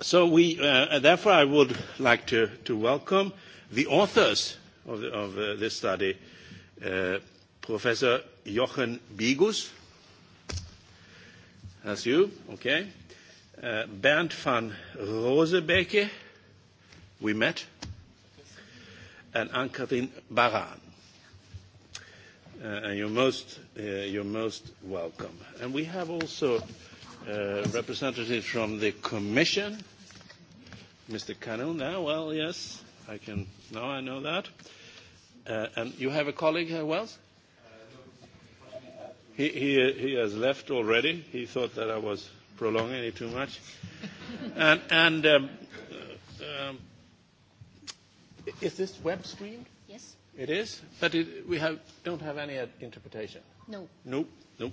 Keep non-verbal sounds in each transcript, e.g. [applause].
So we, uh, therefore, I would like to, to welcome the authors of, the, of uh, this study, uh, Professor Jochen Bigus, that's you, okay, uh, Bernd van Rosebeke, we met, and ann Baran. Uh, and you're most, uh, you're most welcome. And we have also uh, representative from the Commission. Mr. Cannell now, well, yes, I can, now I know that. Uh, and you have a colleague, here, uh, Wells? He, he, he has left already. He thought that I was prolonging it too much. [laughs] and and um, uh, um, is this web screen? Yes. It is, but it, we have, don't have any interpretation. No. Nope, nope.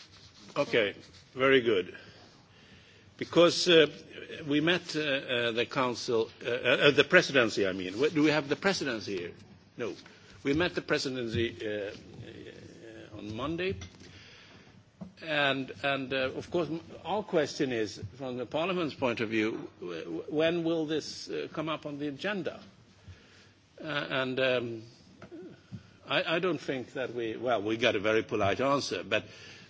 Okay, very good. Because uh, we met uh, uh, the council, uh, uh, the presidency, I mean. Do we have the presidency here? No. We met the presidency uh, uh, on Monday. And, and uh, of course, our question is, from the Parliament's point of view, when will this uh, come up on the agenda? Uh, and um, I, I don't think that we, well, we got a very polite answer, but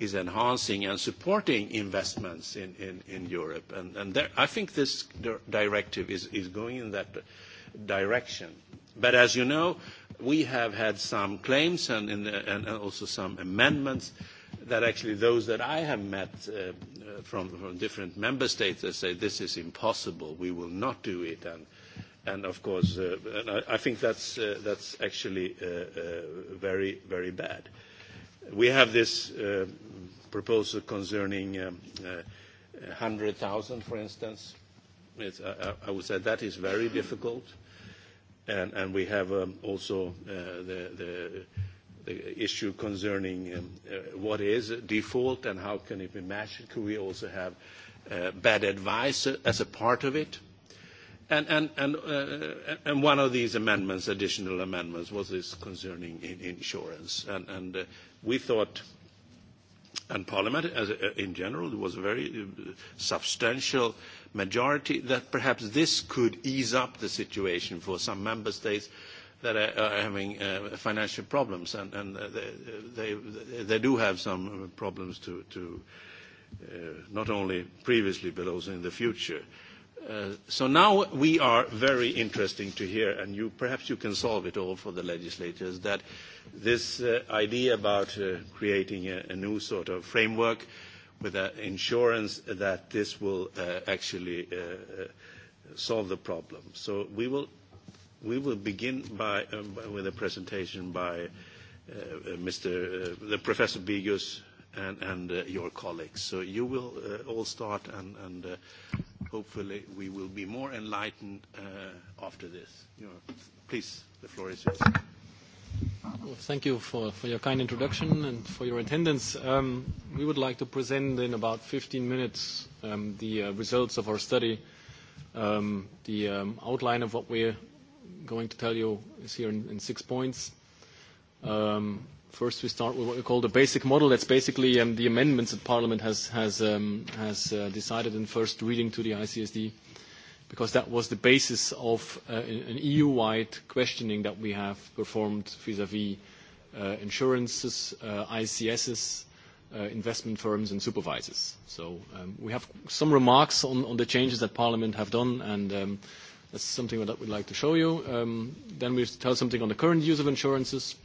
is enhancing and supporting investments in, in, in Europe. And, and there, I think this directive is, is going in that direction. But as you know, we have had some claims and, and, and also some amendments that actually those that I have met uh, from, from different member states that say this is impossible, we will not do it. And, and of course, uh, and I, I think that's, uh, that's actually uh, uh, very, very bad. We have this uh, proposal concerning um, uh, 100,000, for instance. It's, I, I would say that is very difficult. And, and we have um, also uh, the, the, the issue concerning um, uh, what is default and how can it be matched. Could we also have uh, bad advice as a part of it? And, and, and, uh, and one of these amendments, additional amendments, was this concerning in insurance. And, and uh, we thought and Parliament as, uh, in general, there was a very uh, substantial majority that perhaps this could ease up the situation for some member states that are, are having uh, financial problems and, and uh, they, they, they do have some problems to, to uh, not only previously but also in the future. Uh, Uh, so now we are very interesting to hear, and you, perhaps you can solve it all for the legislators, that this uh, idea about uh, creating a, a new sort of framework with an insurance that this will uh, actually uh, uh, solve the problem. So we will, we will begin by, um, with a presentation by uh, uh Mr. Uh, the Professor Bigus and, and uh, your colleagues. So you will uh, all start and, and uh, hopefully we will be more enlightened uh, after this. You know, please, the floor is yours. Well, thank you for, for your kind introduction and for your attendance. Um, we would like to present in about 15 minutes um, the uh, results of our study. Um, the um, outline of what we're going to tell you is here in, in six points. Um, First, we start with what we call the basic model. That's basically um, the amendments that Parliament has, has, um, has uh, decided in first reading to the ICSD, because that was the basis of uh, an EU-wide questioning that we have performed vis-à-vis -vis, uh, insurances, uh, ICSs, uh, investment firms, and supervisors. So um, we have some remarks on, on the changes that Parliament have done, and um, that's something that we'd like to show you. Um, then we tell something on the current use of insurances –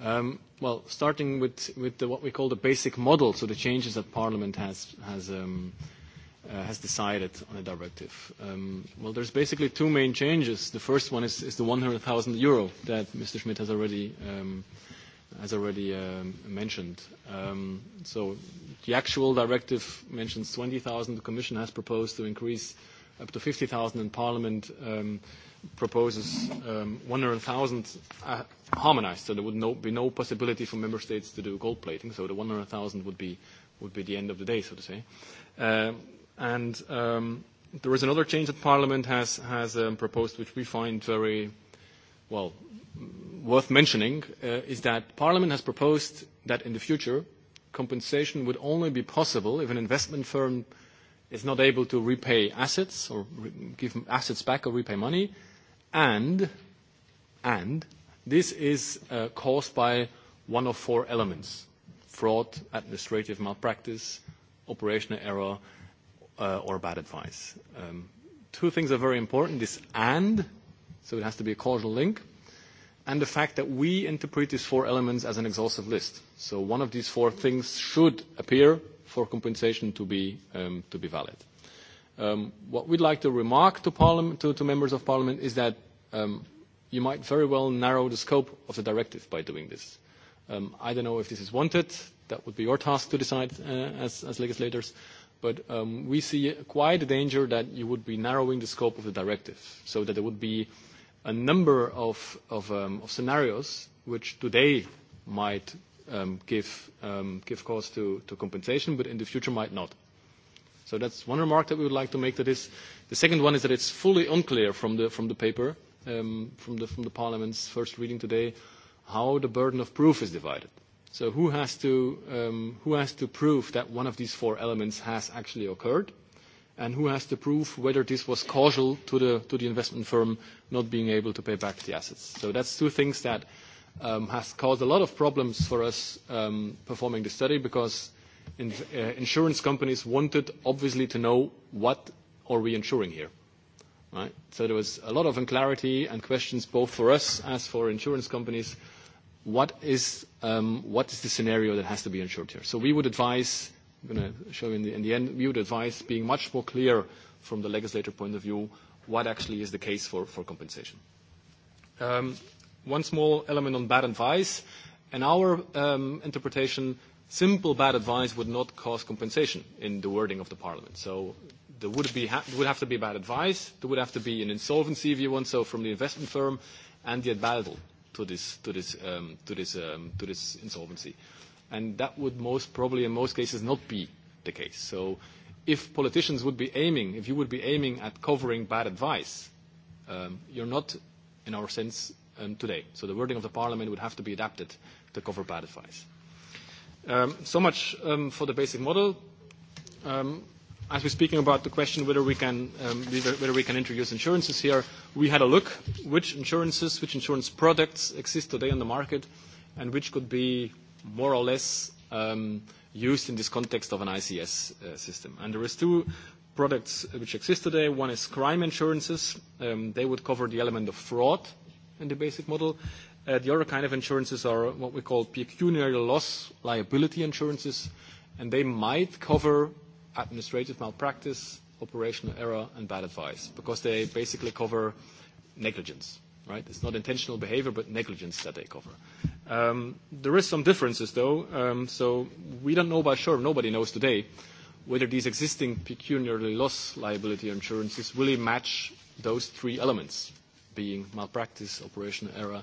Um, well, starting with, with the, what we call the basic model, so the changes that Parliament has, has, um, uh, has decided on a directive. Um, well, there's basically two main changes. The first one is, is the 100,000 euro that Mr. Schmidt has already, um, has already um, mentioned. Um, so the actual directive mentions 20,000. The Commission has proposed to increase up to 50,000 in Parliament. Um, proposes um, 100,000 uh, harmonized, so there would no, be no possibility for member states to do gold plating, so the 100,000 would be, would be the end of the day, so to say. Um, and um, there is another change that Parliament has, has um, proposed, which we find very, well, worth mentioning, uh, is that Parliament has proposed that in the future, compensation would only be possible if an investment firm is not able to repay assets or re give assets back or repay money, and, and this is uh, caused by one of four elements, fraud, administrative malpractice, operational error, uh, or bad advice. Um, two things are very important, this and, so it has to be a causal link, and the fact that we interpret these four elements as an exhaustive list. So one of these four things should appear for compensation to be, um, to be valid. Um, what we'd like to remark to, parliament, to, to members of parliament is that um, you might very well narrow the scope of the directive by doing this. Um, I don't know if this is wanted. That would be your task to decide uh, as, as legislators. But um, we see quite a danger that you would be narrowing the scope of the directive so that there would be a number of, of, um, of scenarios which today might um, give, um, give cause to, to compensation, but in the future might not. So that's one remark that we would like to make. That this the second one is that it's fully unclear from the, from the paper, um, from, the, from the Parliament's first reading today, how the burden of proof is divided. So who has to, um, who has to prove that one of these four elements has actually occurred? and who has to prove whether this was causal to the, to the investment firm not being able to pay back the assets. So that's two things that um, has caused a lot of problems for us um, performing the study because in, uh, insurance companies wanted, obviously, to know what are we insuring here. Right? So there was a lot of unclarity and questions both for us as for insurance companies. What is, um, what is the scenario that has to be insured here? So we would advise, I'm going to show you in the, in the end, we would advise being much more clear from the legislator point of view what actually is the case for, for compensation. Um, one small element on bad advice. In our um, interpretation, Simple bad advice would not cause compensation in the wording of the parliament. So there would, be ha would have to be bad advice, there would have to be an insolvency, if you want, so from the investment firm and the advisal to this, to this, um, to this, um, to this insolvency. And that would most probably, in most cases, not be the case. So if politicians would be aiming, if you would be aiming at covering bad advice, um, you're not, in our sense, um, today. So the wording of the parliament would have to be adapted to cover bad advice. Um, so much um, for the basic model. Um, as we're speaking about the question whether we can um, whether we can introduce insurances here, we had a look which insurances, which insurance products exist today on the market, and which could be more or less um, used in this context of an ICS uh, system. And there is two products which exist today. One is crime insurances. Um, they would cover the element of fraud in the basic model, Uh, the other kind of insurances are what we call pecuniary loss liability insurances, and they might cover administrative malpractice, operational error, and bad advice because they basically cover negligence. Right? It's not intentional behavior, but negligence that they cover. Um, there is some differences, though. Um, so we don't know by sure. Nobody knows today whether these existing pecuniary loss liability insurances really match those three elements, being malpractice, operational error,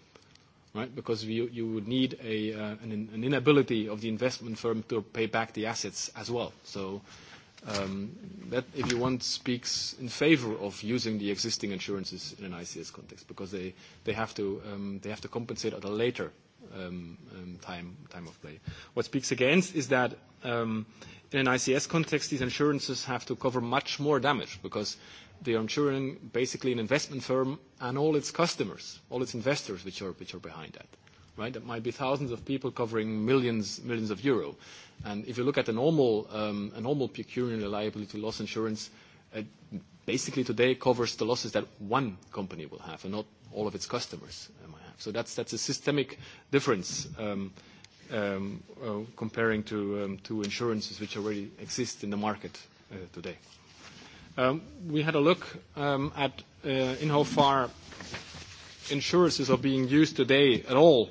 right? Because you, you would need a, uh, an, an inability of the investment firm to pay back the assets as well. So um, that, if you want, speaks in favor of using the existing insurances in an ICS context because they, they, have, to, um, they have to compensate at a later um, um, time, time of play. What speaks against is that um, in an ICS context, these insurances have to cover much more damage because They are insuring basically an investment firm and all its customers, all its investors which are, which are behind that. Right? That might be thousands of people covering millions, millions of euro. And if you look at a normal, um, a normal pecuniary liability loss insurance, it uh, basically today covers the losses that one company will have and not all of its customers uh, might have. So that's, that's a systemic difference um, um, uh, comparing to, um, to insurances which already exist in the market uh, today. Um, we had a look um, at uh, in how far insurances are being used today at all,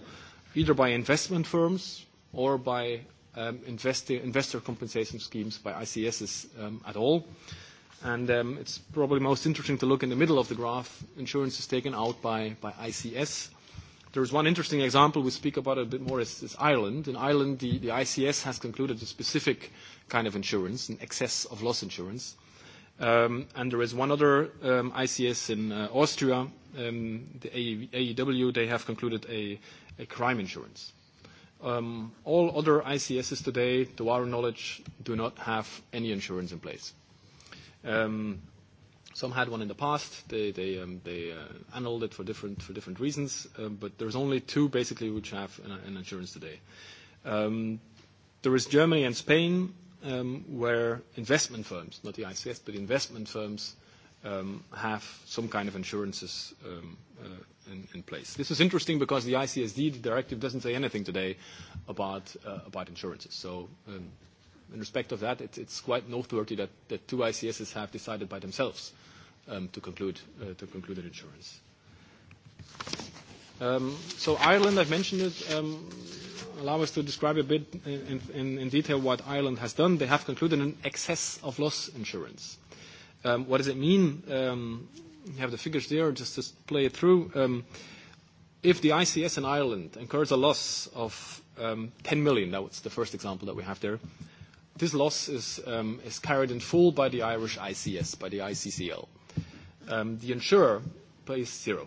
either by investment firms or by um, investor, investor compensation schemes, by ICSs um, at all. And um, it's probably most interesting to look in the middle of the graph. Insurance is taken out by, by ICS. There is one interesting example we speak about a bit more is, is Ireland. In Ireland, the, the ICS has concluded a specific kind of insurance, an excess of loss insurance, uh, Um, and there is one other um, ICS in uh, Austria, um, the AEW, e they have concluded a, a crime insurance. Um, all other ICSs today, to our knowledge, do not have any insurance in place. Um, some had one in the past. They, they, um, they uh, annulled it for different, for different reasons, um, but there's only two basically which have an, an insurance today. Um, there is Germany and Spain um, where investment firms, not the ICS, but investment firms um, have some kind of insurances um, uh, in, in place. This is interesting because the ICSD directive doesn't say anything today about, uh, about insurances. So um, in respect of that, it, it's quite noteworthy that, that two ICSs have decided by themselves um, to, conclude, uh, to conclude an insurance. Um, so Ireland, I've mentioned it. Um, allow us to describe a bit in, in, in detail what Ireland has done. They have concluded an excess of loss insurance. Um, what does it mean? Um, you have the figures there, just to play it through. Um, if the ICS in Ireland incurs a loss of um, 10 million, that was the first example that we have there, this loss is, um, is carried in full by the Irish ICS, by the ICCL. Um, the insurer pays zero.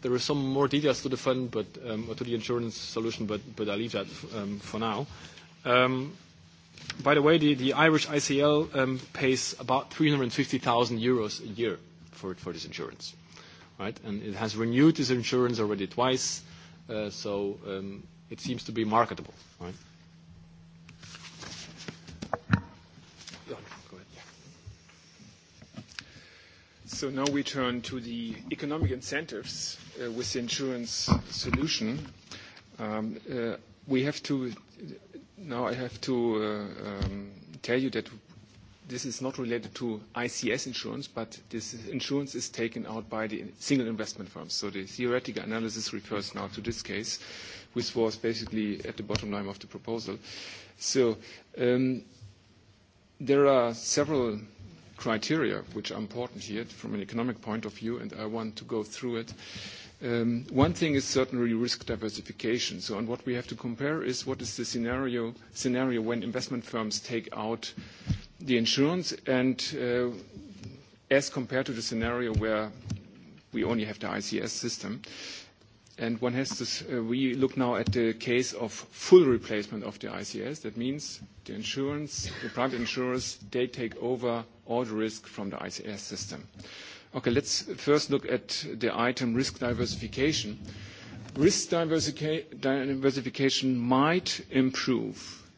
There are some more details to the fund, but um, or to the insurance solution, but, but I'll leave that um, for now. Um, by the way, the, the Irish ICL um, pays about 350,000 euros a year for, for this insurance, right? And it has renewed this insurance already twice, uh, so um, it seems to be marketable, right? So now we turn to the economic incentives uh, with the insurance solution. Um, uh, we have to, now I have to uh, um, tell you that this is not related to ICS insurance, but this insurance is taken out by the single investment firms. So the theoretical analysis refers now to this case, which was basically at the bottom line of the proposal. So um, there are several criteria which are important here from an economic point of view, and I want to go through it. Um, one thing is certainly risk diversification. So, and what we have to compare is what is the scenario, scenario when investment firms take out the insurance and uh, as compared to the scenario where we only have the ICS system. And one has this, uh, we look now at the case of full replacement of the ICS. That means the insurance, the private insurers, they take over all the risk from the ICS system. Okay, let's first look at the item risk diversification. Risk diversification might improve,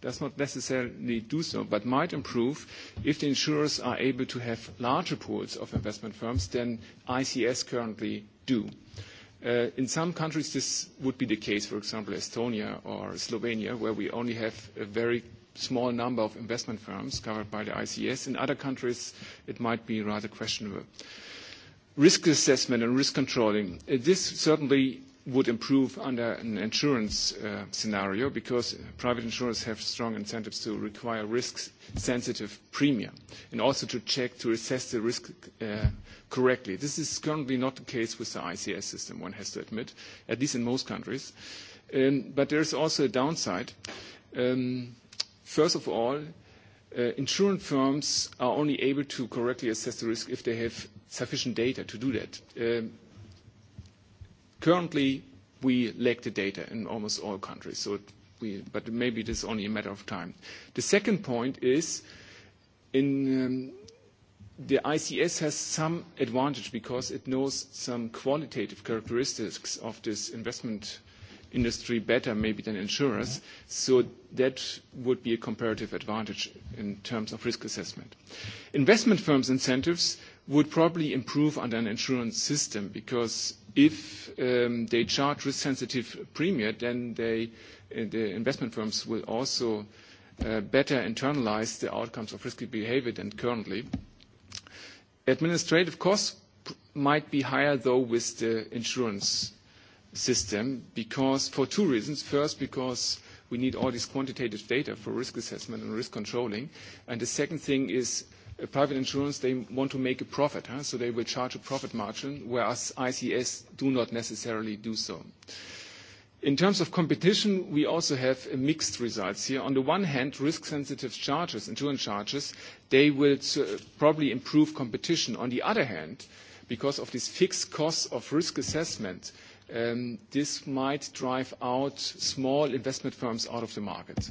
does not necessarily do so, but might improve if the insurers are able to have larger pools of investment firms than ICS currently do. Uh, in some countries, this would be the case, for example, Estonia or Slovenia, where we only have a very small number of investment firms covered by the ICS. In other countries, it might be rather questionable. Risk assessment and risk controlling. Uh, this certainly would improve under an insurance uh, scenario because private insurers have strong incentives to require risk-sensitive premium and also to check, to assess the risk uh, correctly. This is currently not the case with the ICS system, one has to admit, at least in most countries. Um, but there is also a downside. Um, first of all, uh, insurance firms are only able to correctly assess the risk if they have sufficient data to do that. Um, Currently, we lack the data in almost all countries, so we, but maybe it is only a matter of time. The second point is in um, the ICS has some advantage because it knows some qualitative characteristics of this investment industry better maybe than insurers. So that would be a comparative advantage in terms of risk assessment. Investment firms' incentives would probably improve under an insurance system because if um, they charge risk-sensitive premium, then they, uh, the investment firms will also uh, better internalize the outcomes of risky behavior than currently. Administrative costs might be higher, though, with the insurance system because for two reasons. First, because we need all this quantitative data for risk assessment and risk controlling. And the second thing is Uh, private insurance, they want to make a profit, huh? so they will charge a profit margin, whereas ICS do not necessarily do so. In terms of competition, we also have mixed results here. On the one hand, risk-sensitive charges, insurance charges, they will uh, probably improve competition. On the other hand, because of this fixed cost of risk assessment, um, this might drive out small investment firms out of the market.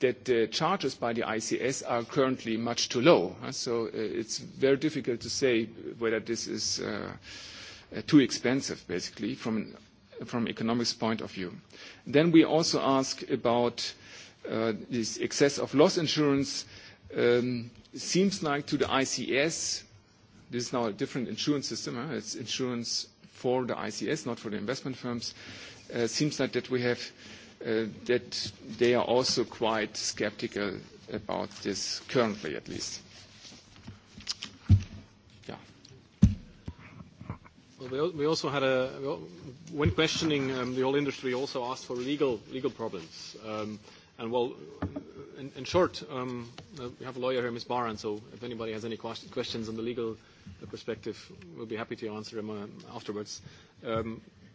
that the charges by the ICS are currently much too low. Uh, so uh, it's very difficult to say whether this is uh, uh too expensive, basically, from an, from economics point of view. Then we also ask about uh, this excess of loss insurance. Um, seems like to the ICS, this is now a different insurance system. Huh? It's insurance for the ICS, not for the investment firms. Uh, seems like that we have uh, that they are also quite skeptical about this currently at least. Yeah. Well, we also had a, when questioning um, the whole industry, also asked for legal, legal problems. Um, and well, in, in short, um, uh, we have a lawyer here, Ms. Baran, so if anybody has any questions on the legal perspective, we'll be happy to answer them uh, afterwards. Um,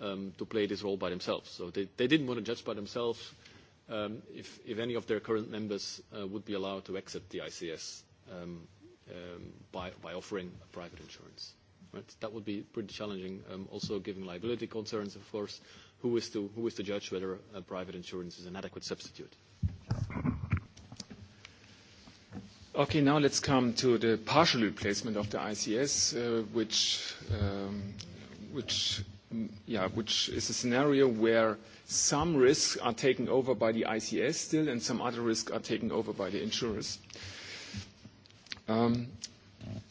um, to play this role by themselves. So they, they didn't want to judge by themselves um, if, if any of their current members uh, would be allowed to exit the ICS um, um, by, by offering a private insurance. Right? That would be pretty challenging, um, also given liability concerns, of course. Who is to, who is to judge whether a private insurance is an adequate substitute? Okay, now let's come to the partial replacement of the ICS, uh, which, um, which yeah, which is a scenario where some risks are taken over by the ICS still and some other risks are taken over by the insurers. Um,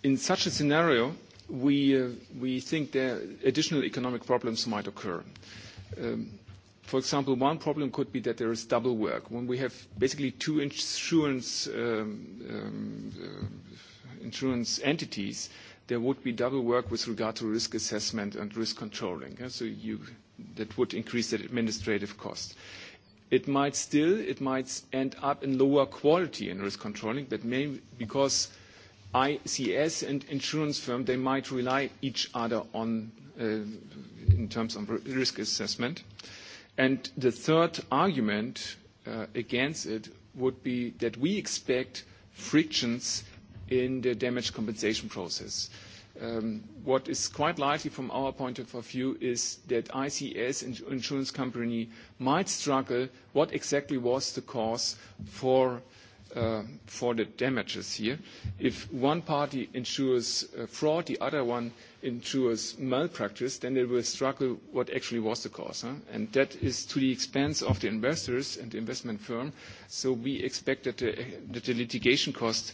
in such a scenario, we, uh, we think there additional economic problems might occur. Um, for example, one problem could be that there is double work. When we have basically two insurance, um, um, uh, insurance entities, there would be double work with regard to risk assessment and risk controlling. So you, that would increase the administrative cost. It might still, it might end up in lower quality in risk controlling, but maybe because ICS and insurance firm, they might rely each other on, uh, in terms of risk assessment. And the third argument uh, against it would be that we expect frictions in the damage compensation process. Um, what is quite likely from our point of view is that ICS insurance company might struggle what exactly was the cause for, uh, the damages here. If one party insures uh, fraud, the other one insures malpractice, then they will struggle what actually was the cause. Huh? And that is to the expense of the investors and the investment firm. So we expect that the, that the litigation cost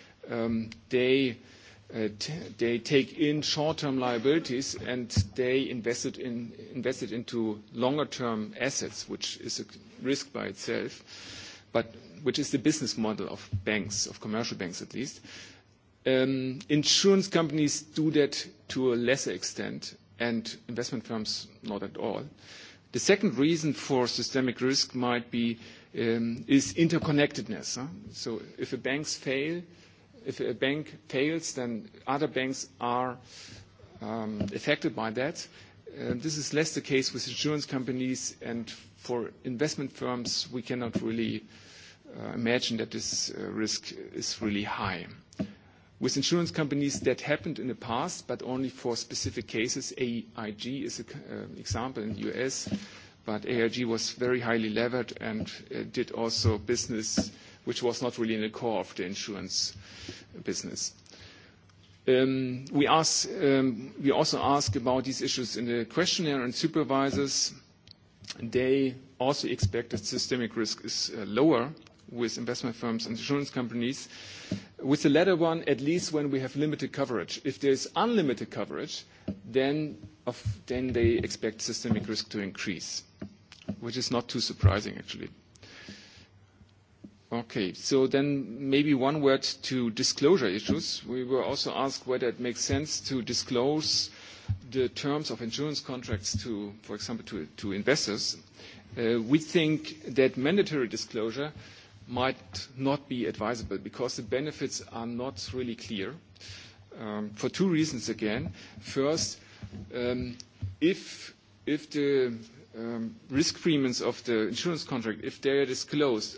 um, they uh, t they take in short-term liabilities and they invest it, in, invest it into longer-term assets, which is a risk by itself, but which is the business model of banks, of commercial banks at least. Um, insurance companies do that to a lesser extent, and investment firms not at all. The second reason for systemic risk might be um, is interconnectedness. Huh? So if a banks fail, if a bank fails, then other banks are um, affected by that. Uh, this is less the case with insurance companies, and for investment firms, we cannot really uh, imagine that this uh, risk is really high. With insurance companies, that happened in the past, but only for specific cases. AIG is an uh, example in the U.S., but AIG was very highly levered and uh, did also business which was not really in the core of the insurance business. Um, we, ask, um, we also ask about these issues in the questionnaire and supervisors. They also expect that systemic risk is uh, lower with investment firms and insurance companies. With the latter one, at least when we have limited coverage. If there is unlimited coverage, then, of, then they expect systemic risk to increase, which is not too surprising, actually. Okay, so then maybe one word to disclosure issues. We were also asked whether it makes sense to disclose the terms of insurance contracts to, for example, to, to investors. Uh, we think that mandatory disclosure might not be advisable because the benefits are not really clear um, for two reasons again. First, um, if, if the um, risk premiums of the insurance contract, if they are disclosed,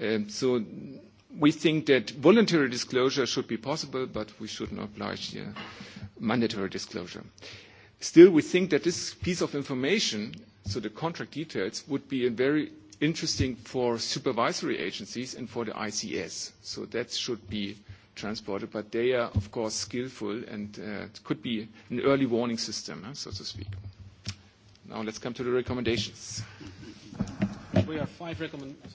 Um, so we think that voluntary disclosure should be possible, but we should not oblige uh, mandatory disclosure. Still, we think that this piece of information, so the contract details, would be a very interesting for supervisory agencies and for the ICS. So that should be transported, but they are, of course, skillful and uh, could be an early warning system, huh, so to speak. Now let's come to the recommendations. We have five recommendations.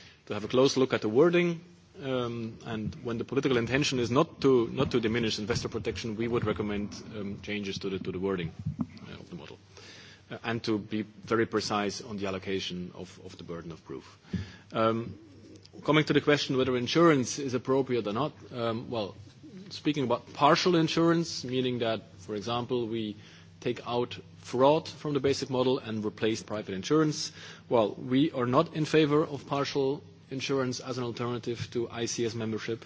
to have a close look at the wording. Um, and when the political intention is not to, not to diminish investor protection, we would recommend um, changes to the, to the wording uh, of the model uh, and to be very precise on the allocation of, of the burden of proof. Um, coming to the question whether insurance is appropriate or not, um, well, speaking about partial insurance, meaning that, for example, we take out fraud from the basic model and replace private insurance, well, we are not in favor of partial insurance as an alternative to ICS membership.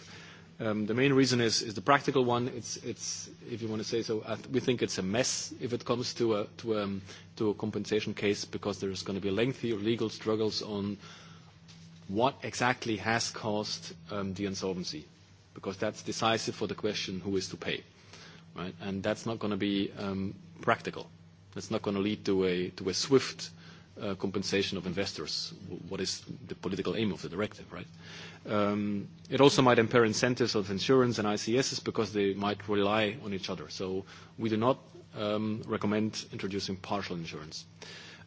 Um, the main reason is, is the practical one. It's, it's, if you want to say so, uh, we think it's a mess if it comes to a, to, um, to a compensation case because there's going to be lengthy legal struggles on what exactly has caused um, the insolvency because that's decisive for the question who is to pay. Right? And that's not going to be um, practical. That's not going to lead to a, to a swift uh, uh, compensation of investors. What is the political aim of the directive, right? Um, it also might impair incentives of insurance and ICSs because they might rely on each other. So we do not um, recommend introducing partial insurance.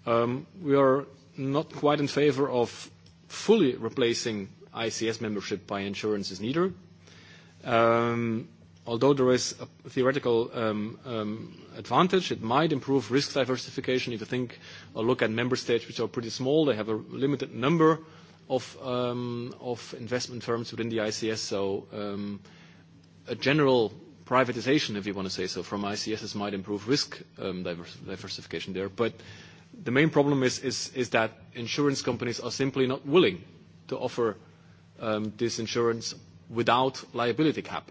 Um, we are not quite in favor of fully replacing ICS membership by insurances neither. Um, although there is a theoretical um, um, advantage, it might improve risk diversification if you think or look at member states which are pretty small. They have a limited number of, um, of investment firms within the ICS, so um, a general privatization, if you want to say so, from ICSs might improve risk um, diversification there. But the main problem is, is, is that insurance companies are simply not willing to offer um, this insurance without liability cap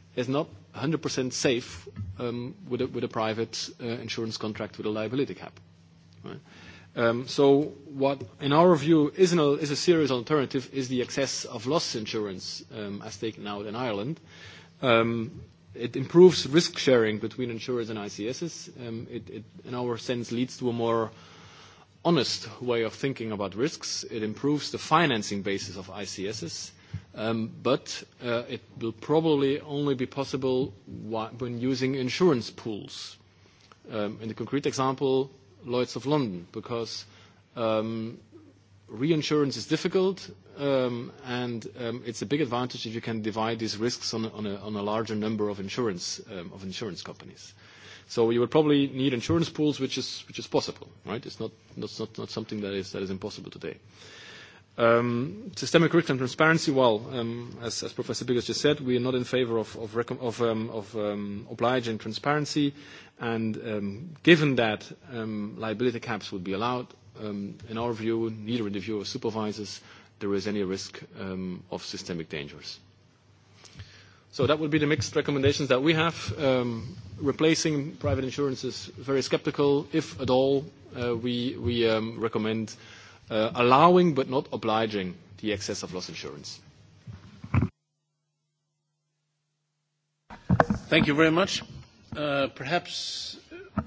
is not 100% safe um, with, a, with a private uh, insurance contract with a liability cap. Right? Um, so what, in our view, is, an, is a serious alternative is the excess of loss insurance um, as taken out in Ireland. Um, it improves risk sharing between insurers and ICSs. Um, it, it, in our sense, leads to a more honest way of thinking about risks. It improves the financing basis of ICSs. Um, but uh, it will probably only be possible when using insurance pools. Um, in the concrete example, Lloyds of London, because um, reinsurance is difficult um, and um, it's a big advantage if you can divide these risks on, on, a, on a larger number of insurance, um, of insurance companies. So you would probably need insurance pools, which is, which is possible, right? It's not, not, not, not something that is, that is impossible today. Um, systemic curriculum transparency, well, um, as, as Professor Biggers just said, we are not in favor of, of, of, um, of um, obliging transparency, and um, given that um, liability caps would be allowed, um, in our view, neither in the view of supervisors, there is any risk um, of systemic dangers. So that would be the mixed recommendations that we have. Um, replacing private insurance is very skeptical. If at all, uh, we, we um, recommend uh, allowing but not obliging the excess of loss insurance. Thank you very much. Uh, perhaps uh,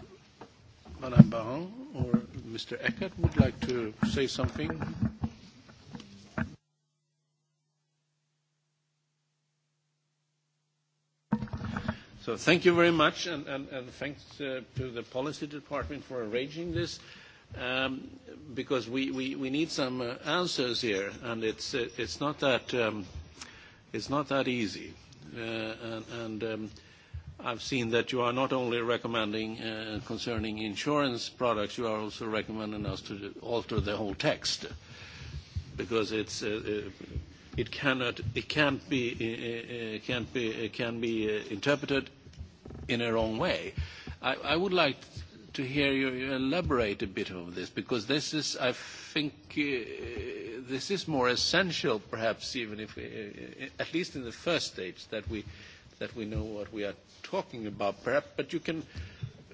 Madame Baron or Mr. Eckert would like to say something. So thank you very much, and, and, and thanks uh, to the policy department for arranging this um, because we, we, we need some uh, answers here, and it's, uh, it's, not, that, um, it's not that easy. Uh, and and um, I've seen that you are not only recommending uh, concerning insurance products, you are also recommending us to alter the whole text because it's, uh, uh it, cannot, it can't be, uh, uh, uh, can't be, uh, can be uh, interpreted in a wrong way. I, I would like to hear you elaborate a bit on this, because this is, I think, uh, this is more essential, perhaps, even if, we, uh, at least in the first stage, that we, that we know what we are talking about, perhaps, but you can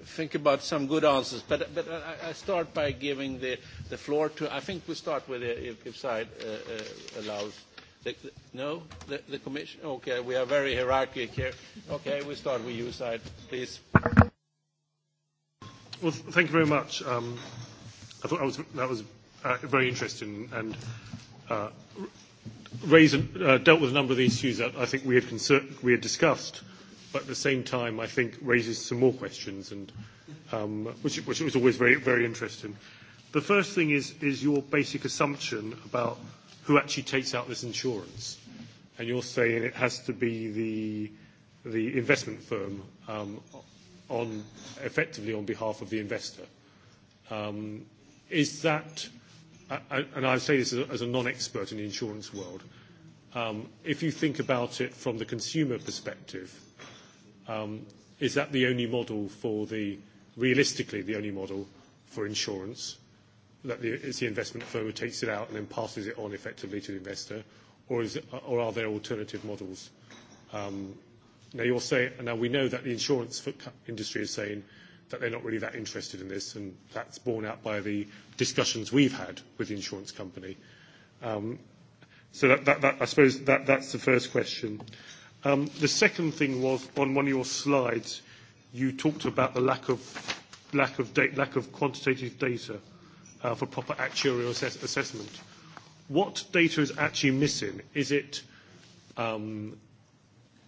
think about some good answers. But, but I, I start by giving the, the floor to, I think we start with, the, uh, if, if side uh, uh, allows, the, the, no, the, the commission, okay, we are very hierarchic here. Okay, we start with you side, please. Well, thank you very much. Um, I thought I was, that was uh, very interesting and uh, raised, uh, dealt with a number of the issues that I think we had, concern, we had discussed, but at the same time, I think raises some more questions, and, um, which, which was always very, very interesting. The first thing is, is your basic assumption about who actually takes out this insurance. And you're saying it has to be the, the investment firm um, on, effectively on behalf of the investor. Um, is that, and I say this as a non-expert in the insurance world, um, if you think about it from the consumer perspective, um, is that the only model for the, realistically the only model for insurance, that the, it's the investment firm who takes it out and then passes it on effectively to the investor, or, is, or are there alternative models um, Now you're saying, now we know that the insurance industry is saying that they're not really that interested in this, and that's borne out by the discussions we've had with the insurance company. Um, so that, that, that, I suppose that, that's the first question. Um, the second thing was on one of your slides, you talked about the lack of, lack of, da- lack of quantitative data uh, for proper actuarial assess- assessment. What data is actually missing? Is it um,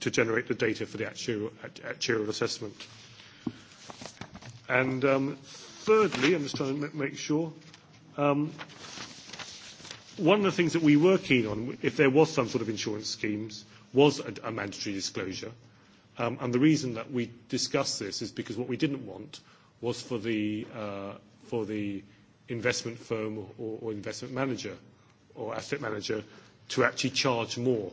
to generate the data for the actuarial, actuarial assessment. And um, thirdly, I'm just trying to make sure, um, one of the things that we were keen on, if there was some sort of insurance schemes, was a, a mandatory disclosure. Um, and the reason that we discussed this is because what we didn't want was for the, uh, for the investment firm or, or investment manager or asset manager to actually charge more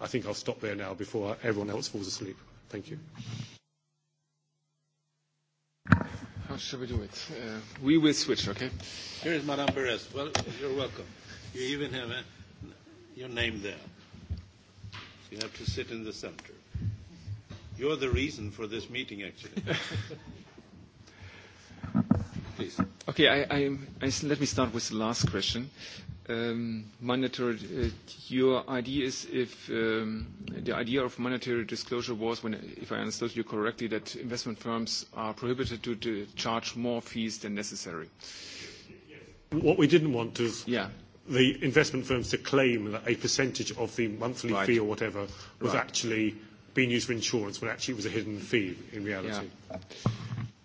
I think I'll stop there now before everyone else falls asleep. Thank you. How should we do it? Uh, we will switch, okay? Here is Madame Perez. Well, you're welcome. You even have a, your name there. So you have to sit in the center. You're the reason for this meeting, actually. [laughs] Please. Okay, I, I, I, let me start with the last question um, ähm, mandatory, uh, äh, your idea is if um, the idea of mandatory disclosure was, when, if I understood you correctly, that investment firms are prohibited to, to charge more fees than necessary. What we didn't want is yeah. the investment firms to claim that a percentage of the monthly right. fee or whatever was right. actually being used for insurance when actually it was a hidden fee in reality. Yeah.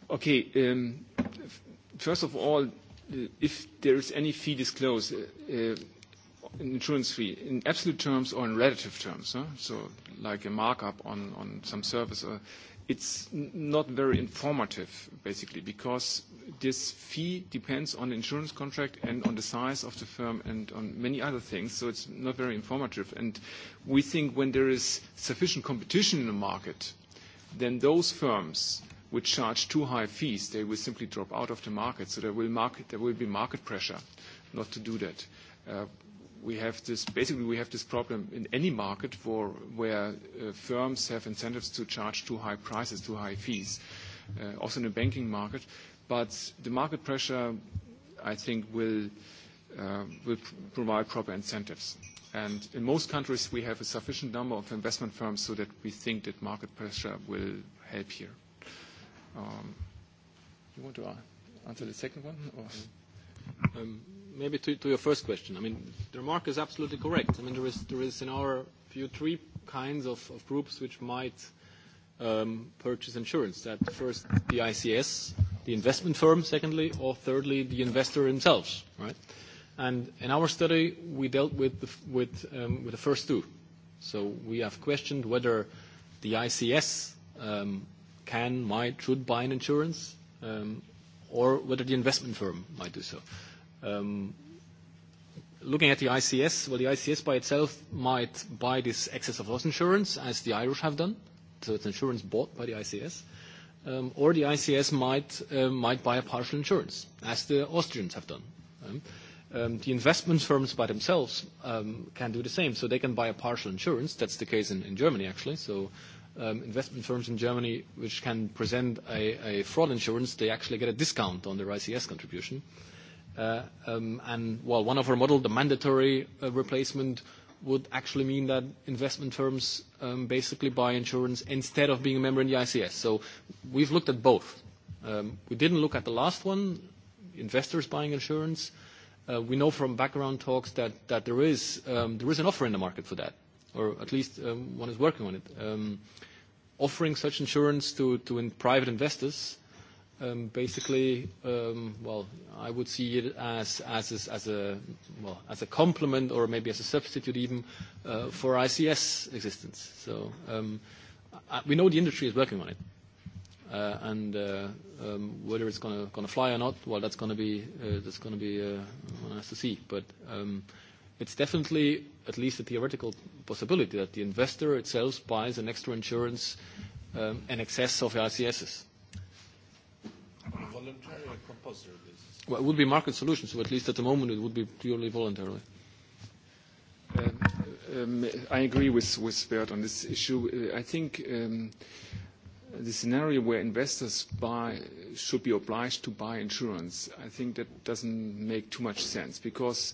Okay. Um, first of all, Uh, if there is any fee disclosed, uh, uh insurance fee, in absolute terms or in relative terms, huh? so like a markup on, on some service, uh, it's not very informative, basically, because this fee depends on the insurance contract and on the size of the firm and on many other things, so it's not very informative. And we think when there is sufficient competition in the market, then those firms – would charge too high fees, they will simply drop out of the market. So there will, market, there will be market pressure not to do that. Uh, we have this, basically we have this problem in any market for, where uh, firms have incentives to charge too high prices, too high fees, uh, also in the banking market. But the market pressure, I think, will, uh, will provide proper incentives. And in most countries, we have a sufficient number of investment firms so that we think that market pressure will help here. Um, you want to uh, answer the second one? Or? Um, maybe to, to your first question. I mean, the remark is absolutely correct. I mean, there is, there is in our view three kinds of, of groups which might um, purchase insurance. That first, the ICS, the investment firm, secondly, or thirdly, the investor themselves, right? And in our study, we dealt with the, with, um, with the first two. So we have questioned whether the ICS um, can, might, should buy an insurance, um, or whether the investment firm might do so. Um, looking at the ICS, well, the ICS by itself might buy this excess of loss insurance, as the Irish have done. So it's insurance bought by the ICS. Um, or the ICS might, um might buy a partial insurance, as the Austrians have done. Um, um, the investment firms by themselves um, can do the same. So they can buy a partial insurance. That's the case in, in Germany, actually. So um, investment firms in Germany which can present a, a fraud insurance, they actually get a discount on their ICS contribution. Uh, um, and while one of our model, the mandatory uh, replacement, would actually mean that investment firms um, basically buy insurance instead of being a member in the ICS. So we've looked at both. Um, we didn't look at the last one, investors buying insurance. Uh, we know from background talks that, that there, is, um, there is an offer in the market for that or at least um, one is working on it. Um, offering such insurance to, to in private investors, um, basically, um, well, I would see it as, as, as, a, well, as a complement or maybe as a substitute even uh, for ICS existence. So um, I, we know the industry is working on it. Uh, and uh, um, whether it's going to fly or not, well, that's going to be, uh, that's gonna be, uh, one has to see. But um, uh, it's definitely at least a theoretical possibility that the investor itself buys an extra insurance um, in excess of ICSs. Voluntary or compulsory. Well, it would be market solutions, so at least at the moment it would be purely voluntary. Um, um, I agree with, with Bert on this issue. Uh, I think um, the scenario where investors buy, should be obliged to buy insurance, I think that doesn't make too much sense because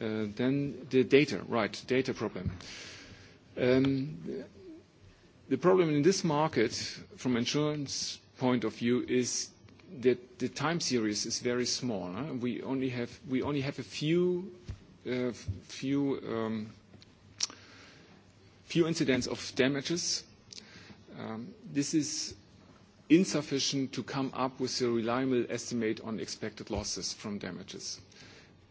Uh, then the data, right, data problem. Um, the problem in this market, from insurance point of view, is that the time series is very small. Huh? We only have we only have a few uh, few um, few incidents of damages. Um, this is insufficient to come up with a reliable estimate on expected losses from damages.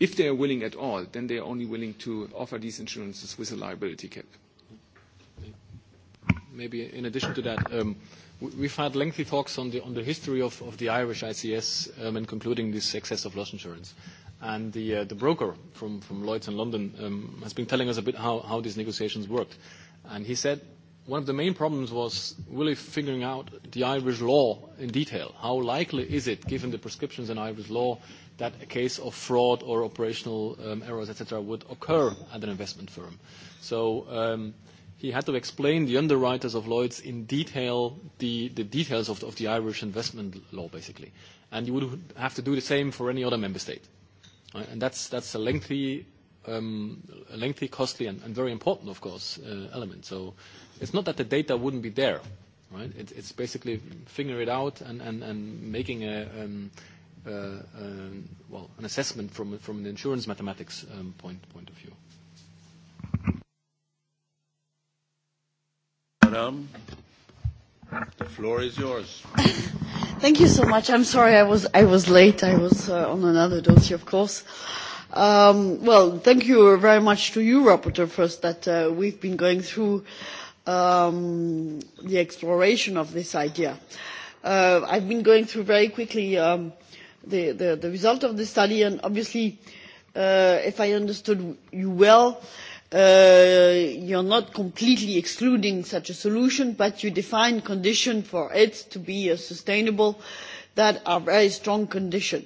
If they are willing at all, then they are only willing to offer these insurances with a liability cap. Maybe in addition to that, um, we've had lengthy talks on the, on the history of, of the Irish ICS um, and concluding this excess of loss insurance. And the, uh, the broker from, from Lloyd's in London um, has been telling us a bit how, how these negotiations worked. And he said one of the main problems was really figuring out the Irish law in detail. How likely is it, given the prescriptions in Irish law, that a case of fraud or operational um, errors, etc., would occur at an investment firm. So um, he had to explain the underwriters of Lloyd's in detail the, the details of the, of the Irish investment law, basically. And you would have to do the same for any other member state. Right? Uh, and that's, that's a lengthy, um, a lengthy costly, and, and very important, of course, uh, element. So it's not that the data wouldn't be there. Right? It, it's basically figuring it out and, and, and making a, um, uh, um, well, an assessment from, from an insurance mathematics um, point, point of view. Madam, the floor is yours. [coughs] Thank you so much. I'm sorry I was, I was late. I was uh, on another dossier, of course. Um, well, thank you very much to you, Rapporteur, first, that uh, we've been going through um, the exploration of this idea. Uh, I've been going through very quickly um, the, the, the result of the study, and obviously, uh, if I understood you well, uh, you're not completely excluding such a solution, but you define condition for it to be a sustainable that are very strong condition.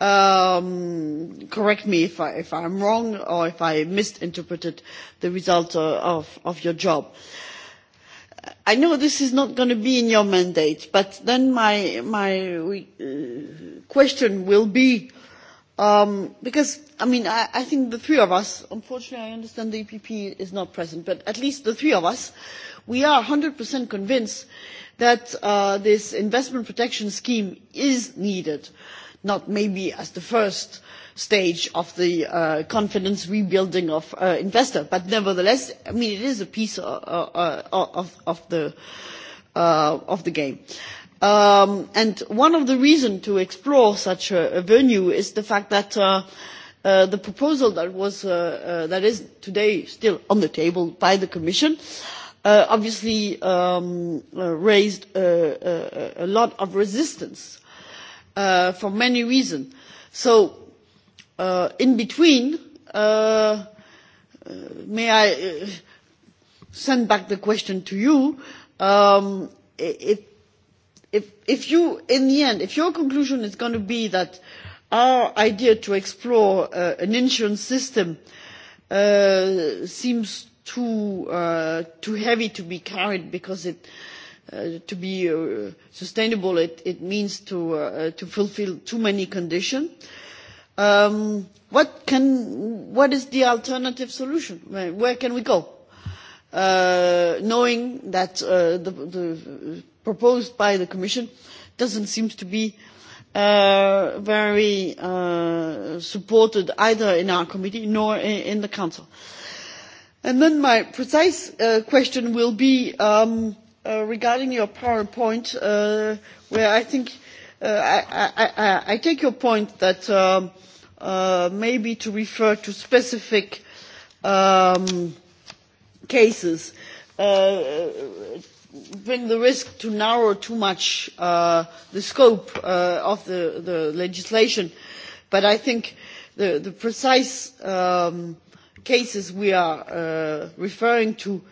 Um, correct me if, I, if I'm wrong or if I misinterpreted the result uh, of, of your job. Uh, I know this is not going to be in your mandate, but then my, my uh, question will be, um, because, I mean, I, I think the three of us, unfortunately I understand the EPP is not present, but at least the three of us, we are 100% convinced that uh, this investment protection scheme is needed, not maybe as the first uh, stage of the uh, confidence rebuilding of uh, investor. But nevertheless, I mean, it is a piece of, uh, uh, uh, of, of, the, uh, of the game. Um, and one of the reasons to explore such a, a venue is the fact that uh, uh, the proposal that, was, uh, uh, that is today still on the table by the Commission uh, obviously um, uh, raised uh, uh, a lot of resistance uh, for many reasons. So uh, in between, uh, uh, may I uh, send back the question to you? Um, if, if, if you, in the end, if your conclusion is going to be that our idea to explore uh, an insurance system uh, seems too, uh, too heavy to be carried because it Uh, to be uh, sustainable, it, it means to, uh, to fulfill too many conditions. Uh, Um, what, can, what is the alternative solution? Where, can we go? Uh, knowing that uh, the, the proposed by the Commission doesn't seem to be uh, very uh, supported either in our committee nor in, in the Council. And then my precise uh, question will be um, uh, regarding your PowerPoint, uh, where I think uh, Uh, I, I, I take your point that uh, uh, maybe to refer to specific um, cases uh, bring the risk to narrow too much uh, the scope uh, of the, the legislation. But I think the, the precise um, cases we are uh, referring to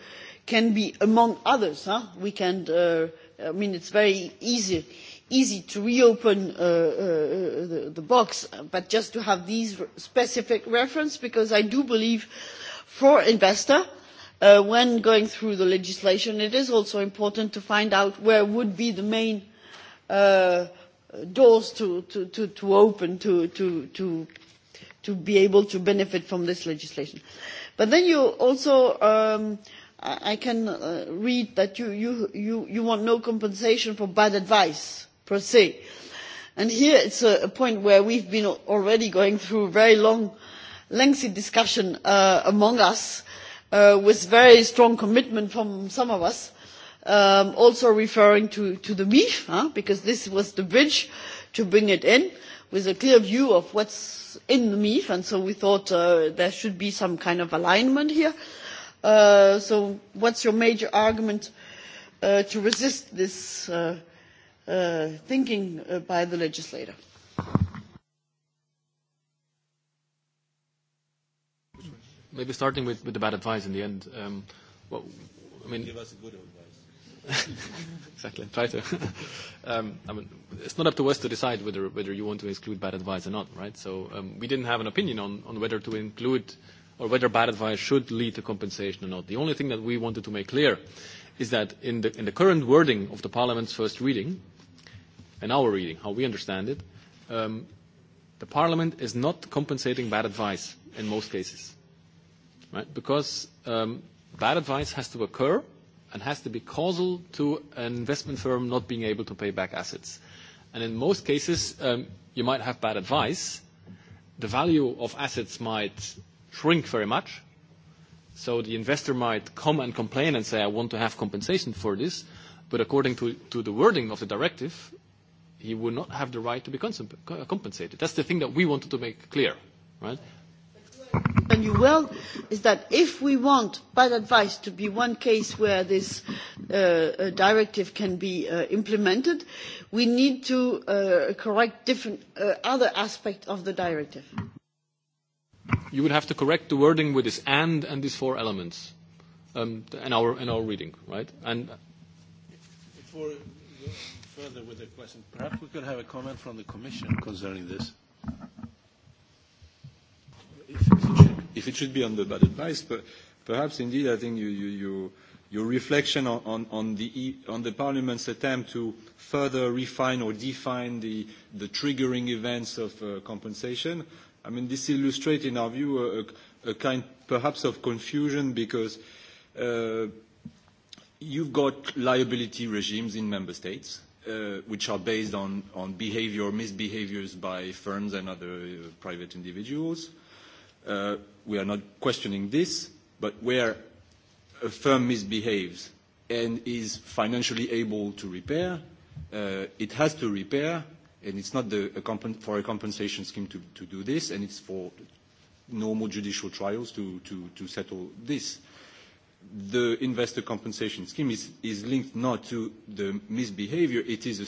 can be among others. Huh? We can, uh, I mean, it's very easy easy to reopen uh, uh, uh, the, the box, but just to have these specific reference, because I do believe for investor, uh, when going through the legislation, it is also important to find out where would be the main uh, doors to, to, to, to open to, to, to, to be able to benefit from this legislation. But then you also, um, I, I can uh, read that you, you, you, you want no compensation for bad advice per se. And here it's a, a point where we've been already going through a very long, lengthy discussion uh, among us uh, with very strong commitment from some of us, um, also referring to, to the MIF, huh? because this was the bridge to bring it in with a clear view of what's in the MIF, and so we thought uh, there should be some kind of alignment here. Uh, so what's your major argument uh, to resist this uh, uh, thinking uh, by the legislator. Maybe starting with, with the bad advice in the end. Um, what, I mean, give us good advice. [laughs] exactly. Try to. [laughs] um, I mean, it's not up to us to decide whether whether you want to exclude bad advice or not, right? So um, we didn't have an opinion on, on whether to include or whether bad advice should lead to compensation or not. The only thing that we wanted to make clear is that in the, in the current wording of the Parliament's first reading, in our reading, how we understand it, um, the Parliament is not compensating bad advice in most cases, right? Because um, bad advice has to occur and has to be causal to an investment firm not being able to pay back assets. And in most cases, um, you might have bad advice. The value of assets might shrink very much. So the investor might come and complain and say, I want to have compensation for this. But according to, to the wording of the directive, he would not have the right to be compensated. That's the thing that we wanted to make clear, right? And you will is that if we want bad advice to be one case where this uh, uh directive can be uh, implemented, we need to uh, correct different uh, other aspects of the directive. You would have to correct the wording with this and and these four elements um, in, our, in our reading, right? And for further with the question. Perhaps we could have a comment from the Commission concerning this. If it should, be on the bad advice, but perhaps indeed I think you, you, you, your reflection on, on, on, the, e, on the Parliament's attempt to further refine or define the, the triggering events of uh, compensation, I mean, this illustrates, in our view, a, a kind perhaps of confusion because uh, you've got liability regimes in member states uh, which are based on, on behavior, misbehaviors by firms and other uh, private individuals. Uh, we are not questioning this, but where a firm misbehaves and is financially able to repair, uh, it has to repair, and it's not the, a compen for a compensation scheme to, to do this, and it's for normal judicial trials to, to, to settle this the investor compensation scheme is, is linked not to the misbehavior, it is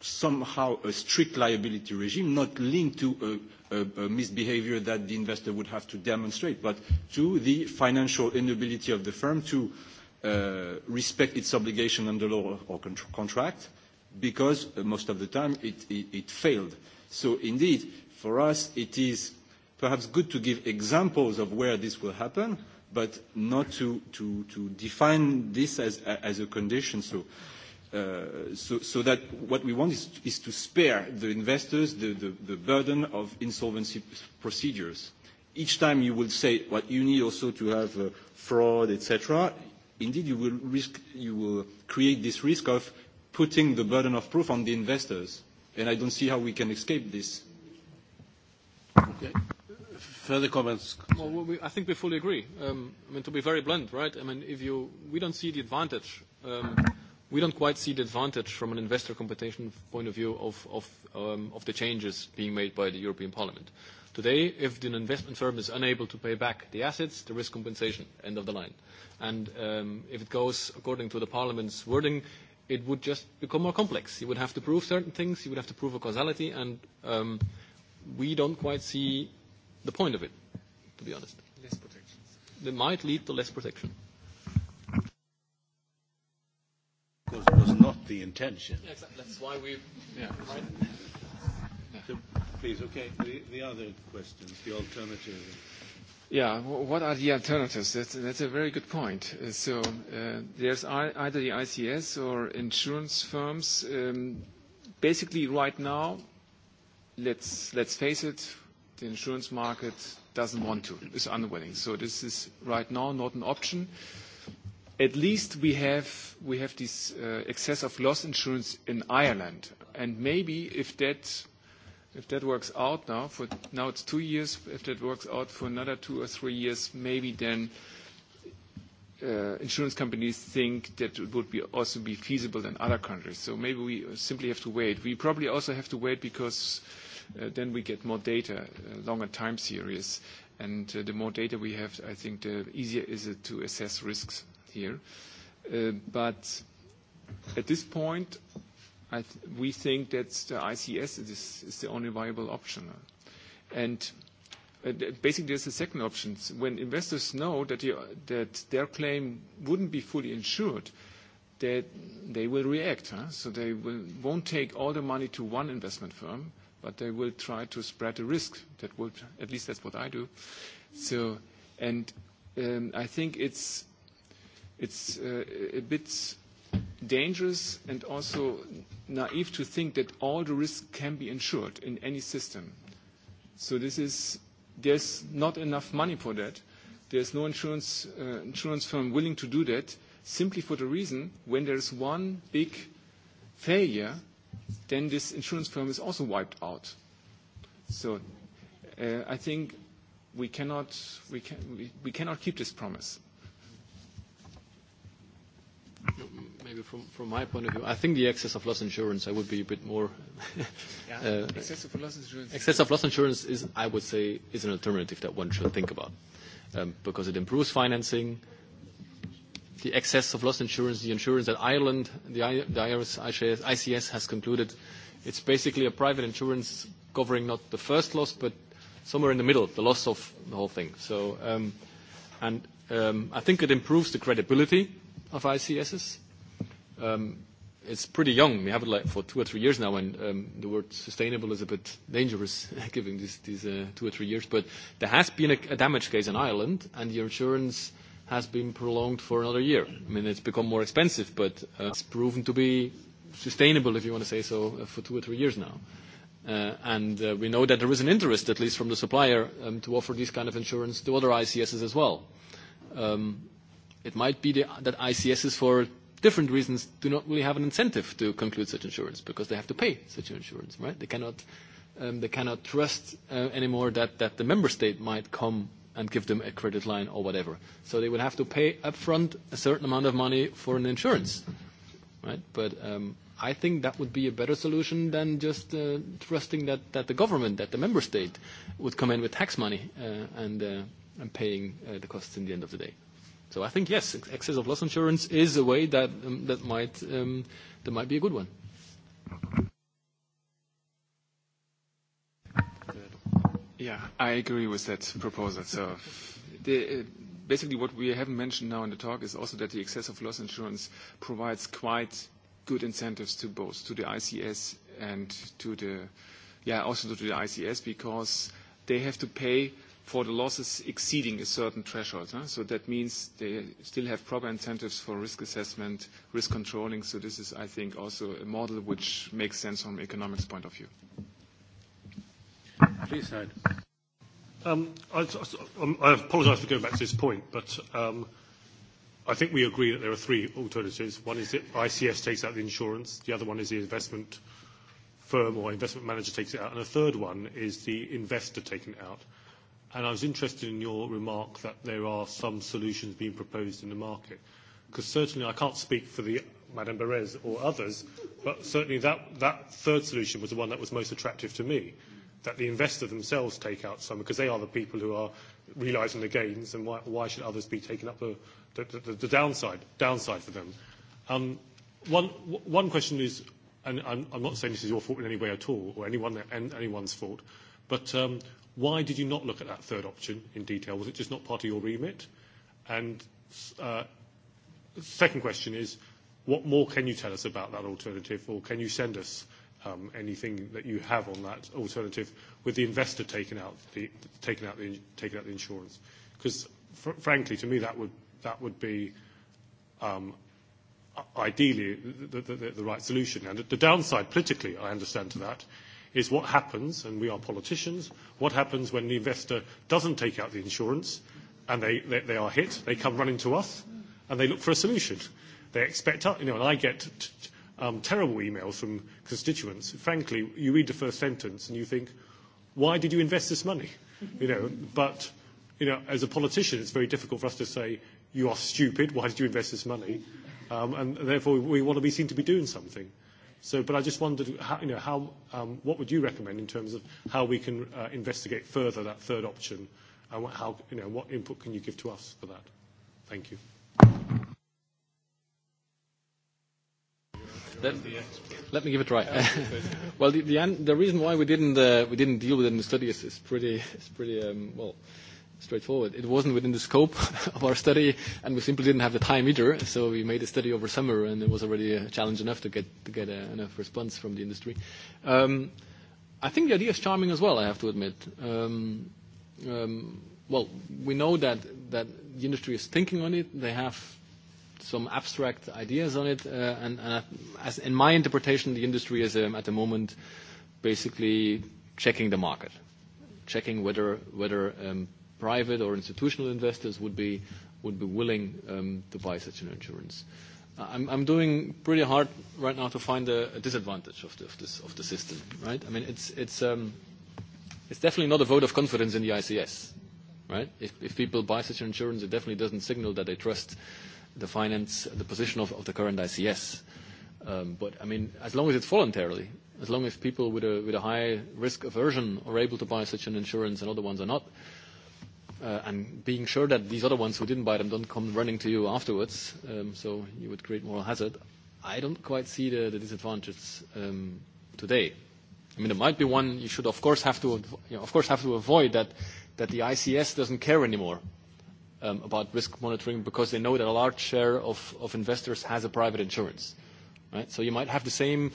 a, somehow a strict liability regime, not linked to a, a, a misbehavior that the investor would have to demonstrate, but to the financial inability of the firm to uh, respect its obligation under law or con contract, because uh, most of the time it, it, it failed. So indeed, for us, it is perhaps good to give examples of where this will happen, but not to, to, to define this as, as a condition. So, uh, so, so that what we want is, is to spare the investors the, the, the burden of insolvency procedures. Each time you will say what you need also to have uh, fraud, etc., indeed you will, risk, you will create this risk of putting the burden of proof on the investors. And I don't see how we can escape this. Okay. Further comments? Well, we, I think we fully agree. Um, I mean, to be very blunt, right? I mean, if you, we don't see the advantage. Um, we don't quite see the advantage from an investor competition point of view of, of, um, of the changes being made by the European Parliament. Today, if an investment firm is unable to pay back the assets, the risk compensation, end of the line. And um, if it goes according to the Parliament's wording, it would just become more complex. You would have to prove certain things, you would have to prove a causality, and um, we don't quite see the point of it, to be honest. Less protection. It might lead to less protection. Because it was not the intention. Yeah, exactly. That's why we. Yeah. Right? yeah. So, please, okay, the, the other questions, the alternative. Yeah, what are the alternatives? That's, that's a very good point. Uh, so uh, there's either the ICS or insurance firms. Um, basically, right now, let's, let's face it, the insurance market doesn't want to, is unwilling. So this is right now not an option. At least we have, we have this uh, excess of loss insurance in Ireland. And maybe if that, if that works out now, for now it's two years, if that works out for another two or three years, maybe then uh, insurance companies think that it would be also be feasible in other countries. So maybe we simply have to wait. We probably also have to wait because uh, then we get more data, uh, longer time series. And uh, the more data we have, I think the easier is it to assess risks here. Uh, but at this point, I th we think that the ICS is, is the only viable option. And uh, basically, there's a second option. When investors know that, you, that their claim wouldn't be fully insured, that they will react. Huh? So they will, won't take all the money to one investment firm but they will try to spread a risk. That would, at least that's what I do. So, and um, I think it's, it's uh, a bit dangerous and also naive to think that all the risks can be insured in any system. So this is, there's not enough money for that. There's no insurance, uh, insurance firm willing to do that simply for the reason when there's one big failure – then this insurance firm is also wiped out. So uh, I think we cannot, we, can, we, we cannot keep this promise. Maybe from, from my point of view, I think the excess of loss insurance, I would be a bit more... [laughs] yeah, uh, excess of loss insurance. Excess of loss insurance is, I would say, is an alternative that one should think about um, because it improves financing, the excess of loss insurance, the insurance that Ireland, the, I, the IRS, ICS, ICS has concluded, it's basically a private insurance covering not the first loss, but somewhere in the middle, the loss of the whole thing. So, um, and um, I think it improves the credibility of ICSs. Um, it's pretty young. We have it like for two or three years now, and um, the word sustainable is a bit dangerous, [laughs] given these, these uh, two or three years. But there has been a, a damage case in Ireland, and the insurance has been prolonged for another year. I mean, it's become more expensive, but uh, it's proven to be sustainable, if you want to say so, uh, for two or three years now. Uh, and uh, we know that there is an interest, at least from the supplier, um, to offer this kind of insurance to other ICSs as well. Um, it might be the, that ICSs, for different reasons, do not really have an incentive to conclude such insurance because they have to pay such an insurance, right? They cannot, um, they cannot trust uh, anymore that, that the member state might come and give them a credit line or whatever. So they would have to pay upfront a certain amount of money for an insurance. Right? But um, I think that would be a better solution than just uh, trusting that, that the government, that the member state would come in with tax money uh, and, uh, and paying uh, the costs in the end of the day. So I think, yes, excess of loss insurance is a way that, um, that, might, um, that might be a good one. Yeah, I agree with that proposal. So the, uh, basically what we haven't mentioned now in the talk is also that the excess of loss insurance provides quite good incentives to both, to the ICS and to the, yeah, also to the ICS because they have to pay for the losses exceeding a certain threshold. Huh? So that means they still have proper incentives for risk assessment, risk controlling. So this is, I think, also a model which makes sense from an economics point of view. Please, Hyde. Um, I, I um, apologise for going back to this point, but um, I think we agree that there are three alternatives. One is that ICS takes out the insurance, the other one is the investment firm or investment manager takes it out, and a third one is the investor taking it out. And I was interested in your remark that there are some solutions being proposed in the market, because certainly I can't speak for the Madame Berez or others, but certainly that, that third solution was the one that was most attractive to me that the investor themselves take out some because they are the people who are realizing the gains and why, why should others be taking up the, the, the, the downside, downside for them. Um, one, one question is, and I'm, I'm not saying this is your fault in any way at all or anyone, anyone's fault, but um, why did you not look at that third option in detail? Was it just not part of your remit? And uh, second question is, what more can you tell us about that alternative or can you send us um, anything that you have on that alternative with the investor taking out the, taking out the, taking out the insurance. Because fr frankly, to me, that would, that would be um, ideally the, the, the, the right solution. And the downside politically, I understand to that, is what happens, and we are politicians, what happens when the investor doesn't take out the insurance and they, they, they are hit, they come running to us and they look for a solution. They expect us, you know, and I get um, terrible emails from constituents. Frankly, you read the first sentence and you think, why did you invest this money? [laughs] You know, but you know, as a politician, it's very difficult for us to say, you are stupid, why did you invest this money? Um, and therefore, we want to be seen to be doing something. So, but I just wondered, how, you know, how, um, what would you recommend in terms of how we can uh, investigate further that third option, and what, how, you know, what input can you give to us for that? Thank you. Let, let me give it a try. [laughs] well, the, the, the reason why we didn't, uh, we didn't deal with it in the study is, is pretty, is pretty um, well, straightforward. It wasn't within the scope [laughs] of our study, and we simply didn't have the time either. So we made a study over summer, and it was already a uh, challenge enough to get, to get a, uh, enough response from the industry. Um, I think the idea is charming as well, I have to admit. Um, um, well, we know that, that the industry is thinking on it. They have some abstract ideas on it. Uh, and and uh, as in my interpretation, the industry is um, at the moment basically checking the market, checking whether, whether um, private or institutional investors would be, would be willing um, to buy such an insurance. Uh, I'm, I'm doing pretty hard right now to find a, a disadvantage of the, of, this, of the system, right? I mean, it's, it's, um, it's definitely not a vote of confidence in the ICS, right? If, if people buy such an insurance, it definitely doesn't signal that they trust the finance, the position of, of the current ICS. Um, but I mean, as long as it's voluntarily, as long as people with a, with a high risk aversion are able to buy such an insurance and other ones are not, uh, and being sure that these other ones who didn't buy them don't come running to you afterwards, um, so you would create moral hazard, I don't quite see the, the disadvantages um, today. I mean, there might be one you should, of course, have to, you know, of course, have to avoid that, that the ICS doesn't care anymore um, about risk monitoring because they know that a large share of, of investors has a private insurance. Right? So you might have the same,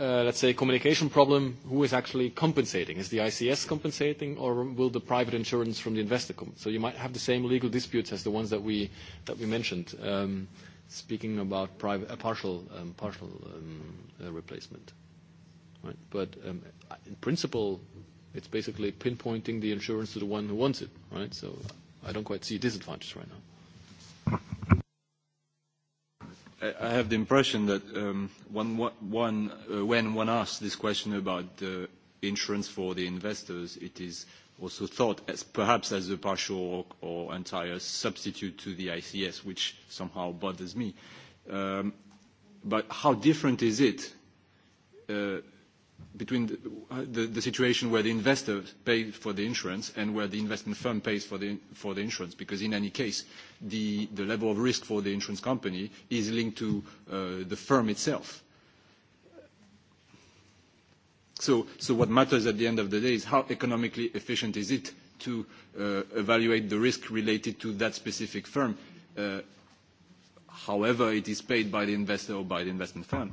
uh, let's say, communication problem. Who is actually compensating? Is the ICS compensating or will the private insurance from the investor come? So you might have the same legal disputes as the ones that we, that we mentioned, um, speaking about private, a partial, um, partial um, uh, replacement. Right? But um, in principle, it's basically pinpointing the insurance to the one who wants it, right? So I don't quite see a disadvantage right now. I have the impression that um, one, one, uh, when one asks this question about uh, insurance for the investors, it is also thought as perhaps as a partial or, or entire substitute to the ICS, which somehow bothers me. Um, but how different is it uh, between the, uh, the, the situation where the investor pays for the insurance and where the investment firm pays for the, for the insurance, because in any case, the, the level of risk for the insurance company is linked to uh, the firm itself. So, so what matters at the end of the day is how economically efficient is it to uh, evaluate the risk related to that specific firm, uh, however it is paid by the investor or by the investment firm.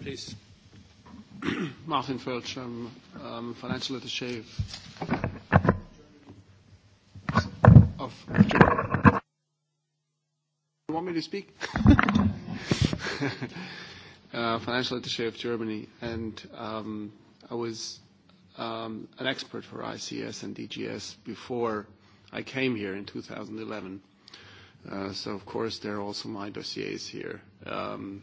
Please. [clears throat] Martin Fölsch, um, um, financial attaché of, of Germany. You want me to speak? [laughs] uh, financial attaché of Germany, and um, I was um, an expert for ICS and DGS before I came here in 2011. Uh, so, of course, there are also my dossiers here. Um,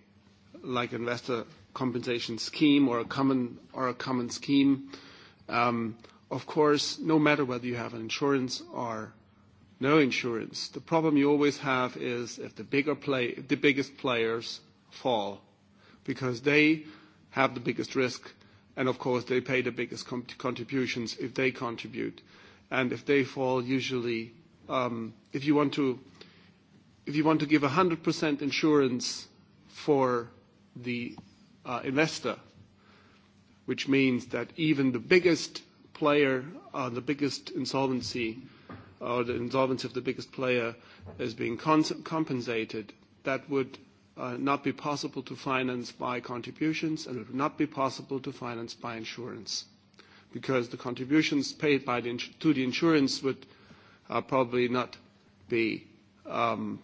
like investor compensation scheme or a common or a common scheme. Um, of course, no matter whether you have an insurance or no insurance, the problem you always have is if the bigger play, the biggest players fall, because they have the biggest risk, and of course they pay the biggest com- contributions if they contribute, and if they fall, usually, um, if you want to, if you want to give 100% insurance for the uh, investor, which means that even the biggest player, uh, the biggest insolvency, or the insolvency of the biggest player is being compensated, that would uh, not be possible to finance by contributions and it would not be possible to finance by insurance because the contributions paid by the, to the insurance would uh, probably not be um,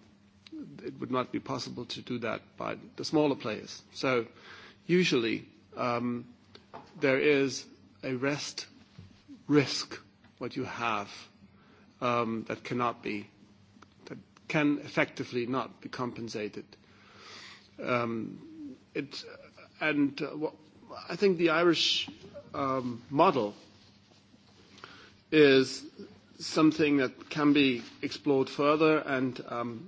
it would not be possible to do that by the smaller players. So usually um, there is a rest risk, what you have, um, that cannot be, that can effectively not be compensated. Um, it, and uh, well, I think the Irish um, model is something that can be explored further and um,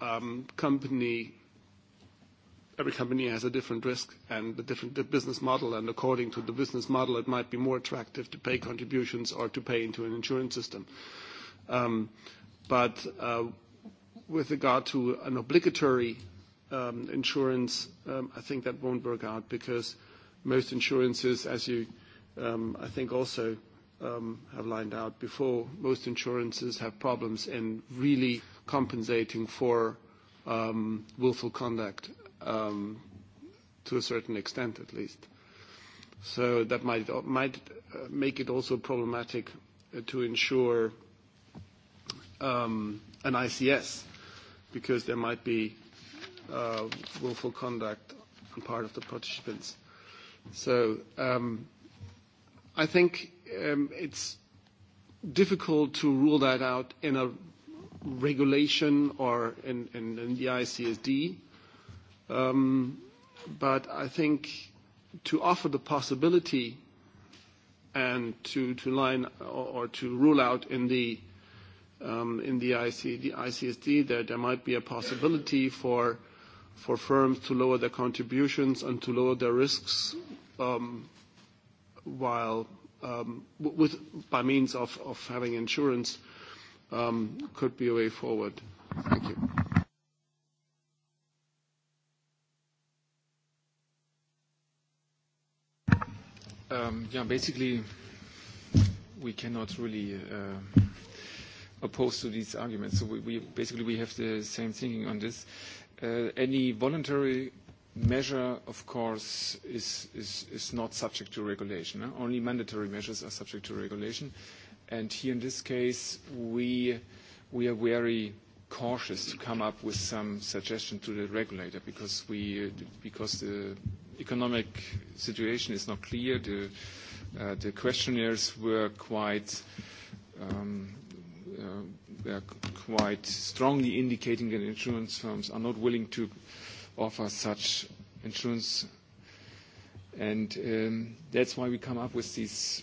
um, company, every company has a different risk and a different business model, and according to the business model, it might be more attractive to pay contributions or to pay into an insurance system. Um, but uh, with regard to an obligatory um, insurance, um, I think that won't work out because most insurances, as you, um, I think, also um, have lined out before, most insurances have problems in really – compensating for um, willful conduct um, to a certain extent at least. So that might, might uh, make it also problematic uh, to ensure um, an ICS because there might be uh, willful conduct on part of the participants. So um, I think um, it's difficult to rule that out in a regulation or in, in, in the ICSD. Um, but I think to offer the possibility and to, to line or, or to rule out in the, um, in the, IC, the ICSD that there might be a possibility for, for firms to lower their contributions and to lower their risks um, while um, with, by means of, of having insurance um, could be a way forward. Thank you. Um, yeah, basically, we cannot really uh, oppose to these arguments. So we, basically we have the same thinking on this. Uh, any voluntary measure, of course, is, not subject to regulation. Only mandatory measures are subject to regulation. And here in this case, we, we are very cautious to come up with some suggestion to the regulator because, we, because the economic situation is not clear. The, uh, the questionnaires were quite, um, uh, were quite strongly indicating that insurance firms are not willing to offer such insurance. And um, that's why we come up with these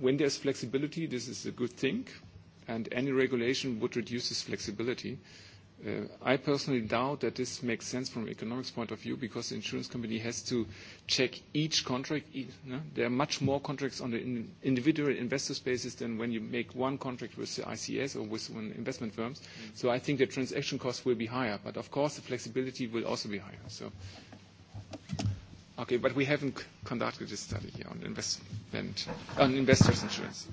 when there's flexibility, this is a good thing, and any regulation would reduce this flexibility. Uh, I personally doubt that this makes sense from an economics point of view because the insurance company has to check each contract. Each, no? There are much more contracts on the in individual investor spaces than when you make one contract with the ICS or with one investment firms. Mm -hmm. So I think the transaction cost will be higher, but of course the flexibility will also be higher. So Okay, but we haven't conducted a study here on investment, on investors insurance.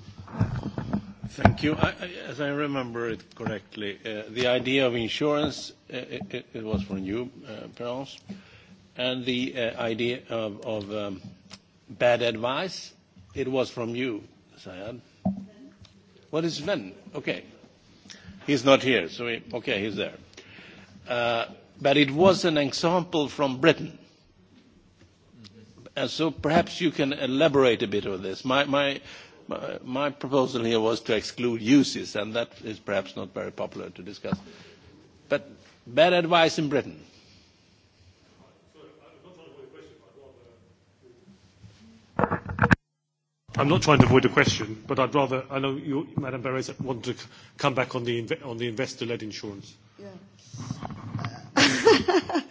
Thank you. I, as I remember it correctly, uh, the idea of insurance, uh, it, uh, uh, it was from you, uh, Perance, and the uh, idea of, of um, bad advice, it was from you, Sayad. What is Ven? Okay. He's not here, so he, okay, he's there. Uh, but it was an example from Britain And uh, so perhaps you can elaborate a bit on this. My, my, my, my proposal here was to exclude uses, and that is perhaps not very popular to discuss. But bad advice in Britain. I'm not trying to avoid a question, but I'd rather, I know you, Madam Beres, want to come back on the, on the investor-led insurance. Yeah. [laughs] Uh, [laughs]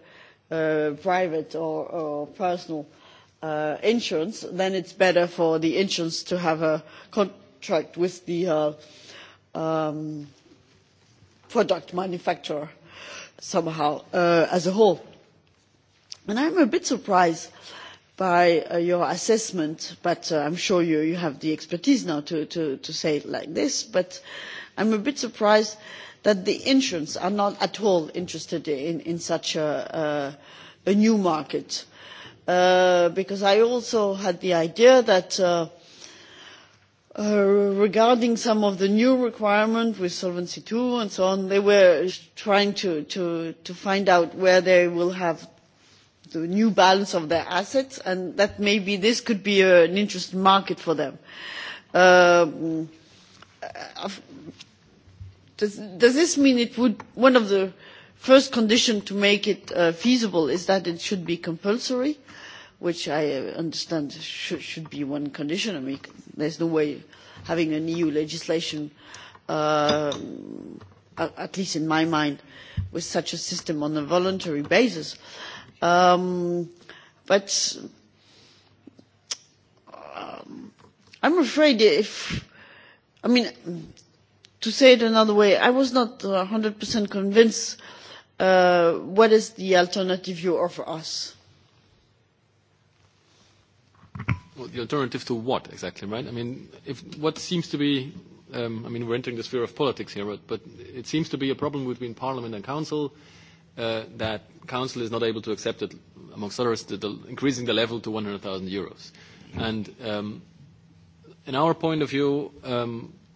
uh, private or, or personal uh, insurance, then it's better for the insurance to have a contract with the uh, um, product manufacturer somehow uh, as a whole. And I'm a bit surprised by uh, your assessment, but uh, I'm sure you, you have the expertise now to, to, to say it like this, but I'm a bit surprised that the insurance are not at all interested in, in such a, uh a new market. Uh, because I also had the idea that uh, uh, regarding some of the new requirements with Solvency II and so on, they were trying to, to, to find out where they will have the new balance of their assets and that maybe this could be a, an interesting market for them. Um, uh, Does, does this mean it would, one of the first conditions to make it uh, feasible is that it should be compulsory, which I uh, understand should, should be one condition. I mean, there's no way having an EU legislation, uh, at least in my mind, with such a system on a voluntary basis. Um, but um, I'm afraid if, I mean, to say it another way, I was not 100% uh, convinced uh, what is the alternative you offer us. Well, the alternative to what exactly, right? I mean, if what seems to be, um, I mean, we're entering the sphere of politics here, but, but it seems to be a problem between Parliament and Council uh, that Council is not able to accept it, amongst others, the, the, increasing the level to 100,000 euros. And um, in our point of view, um,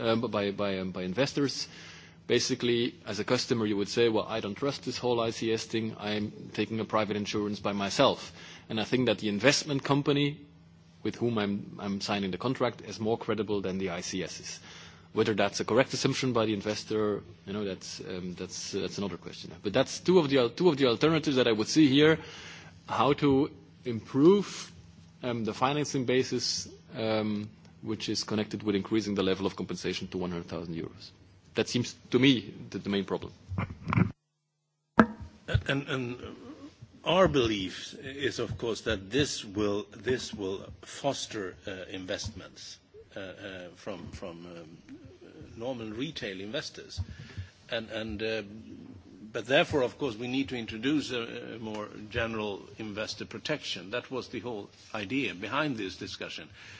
Um, by, by, um, by investors. Basically, as a customer, you would say, well, I don't trust this whole ICS thing. I'm taking a private insurance by myself. And I think that the investment company with whom I'm, I'm signing the contract is more credible than the ICSs. Whether that's a correct assumption by the investor, you know, that's, um, that's, uh, that's another question. But that's two of, the, two of the alternatives that I would see here, how to improve um, the financing basis um, which is connected with increasing the level of compensation to 100,000 euros. That seems to me the, the main problem. And, and our belief is, of course, that this will, this will foster uh, investments uh, uh, from, from um, normal retail investors. And, and, uh, but therefore, of course, we need to introduce a, a more general investor protection. That was the whole idea behind this discussion. Uh,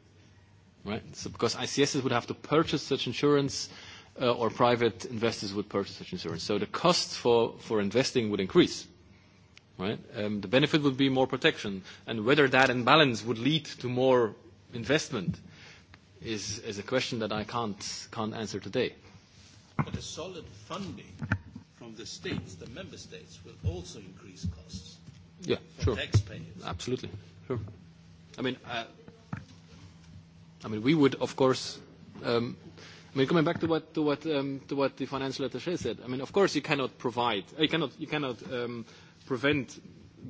right? So because ICSs would have to purchase such insurance uh, or private investors would purchase such insurance. So the cost for, for investing would increase, right? Um, the benefit would be more protection. And whether that imbalance would lead to more investment is, is a question that I can't, can't answer today. But a solid funding from the states, the member states, will also increase costs. Yeah, for sure. taxpayers. Absolutely, sure. I mean, uh, I mean, we would, of course, um, I mean, coming back to what, to what, um, to what the financial attaché said, I mean, of course you cannot provide, you cannot, you cannot um, prevent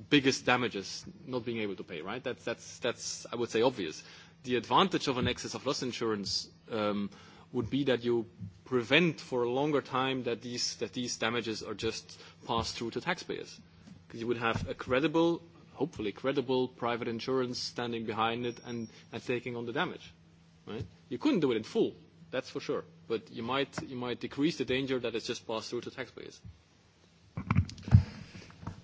biggest damages not being able to pay, right? That's, that's, that's, I would say, obvious. The advantage of an excess of loss insurance um, would be that you prevent for a longer time that these, that these damages are just passed through to taxpayers. Because you would have a credible, hopefully credible, private insurance standing behind it and, and taking on the damage. Right? You couldn't do it in full, that's for sure, but you might, you might decrease the danger that is just passed through to taxpayers.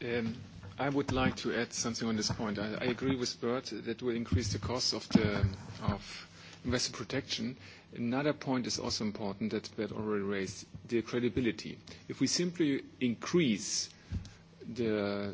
Um, I would like to add something on this point. I, I agree with Bert that will increase the cost of, the, of investor protection. Another point is also important that Bert already raised, the credibility. If we simply increase the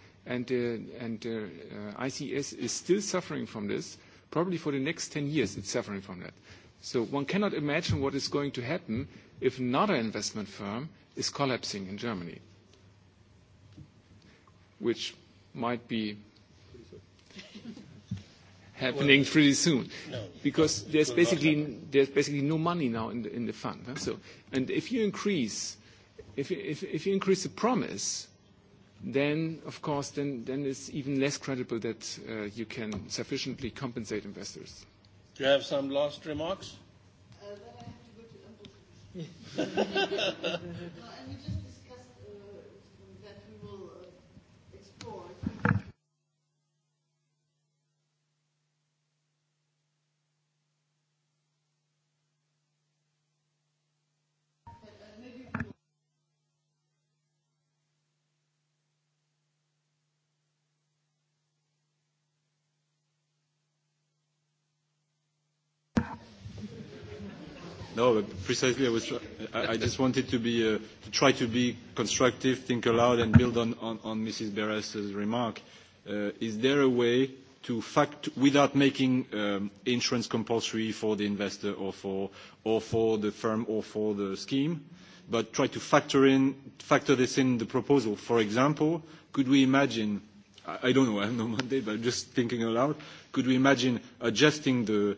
and, uh, and uh, uh, ICS is still suffering from this. Probably for the next 10 years, it's suffering from that. So one cannot imagine what is going to happen if another investment firm is collapsing in Germany, which might be happening well, pretty soon. No, because there's basically there's basically no money now in the, in the fund. Huh? So, and if you increase, if, if, if you increase the promise, then of course then, it's even less credible that uh, you can sufficiently compensate investors. Do you have some last remarks? well, uh, I have to go to I [laughs] [laughs] just No, but precisely. I was. I, I just wanted to be uh, to try to be constructive, think aloud, and build on on, on Mrs. Beres's remark. Uh, is there a way to fact without making um, insurance compulsory for the investor or for or for the firm or for the scheme, but try to factor in factor this in the proposal. For example, could we imagine? I, I don't know. I have no [laughs] mandate, but I'm just thinking aloud. Could we imagine adjusting the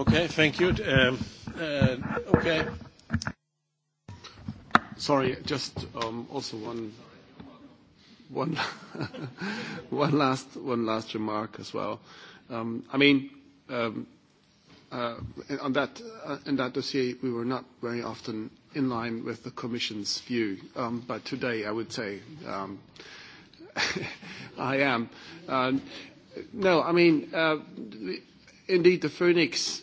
Okay, thank you. Um, uh, okay. Sorry, just um, also one [laughs] one last one last remark as well. Um, I mean, um, uh, on that uh, in that dossier, we were not very often in line with the Commission's view, um, but today I would say um, [laughs] I am. Uh, no, I mean, uh, indeed, the Phoenix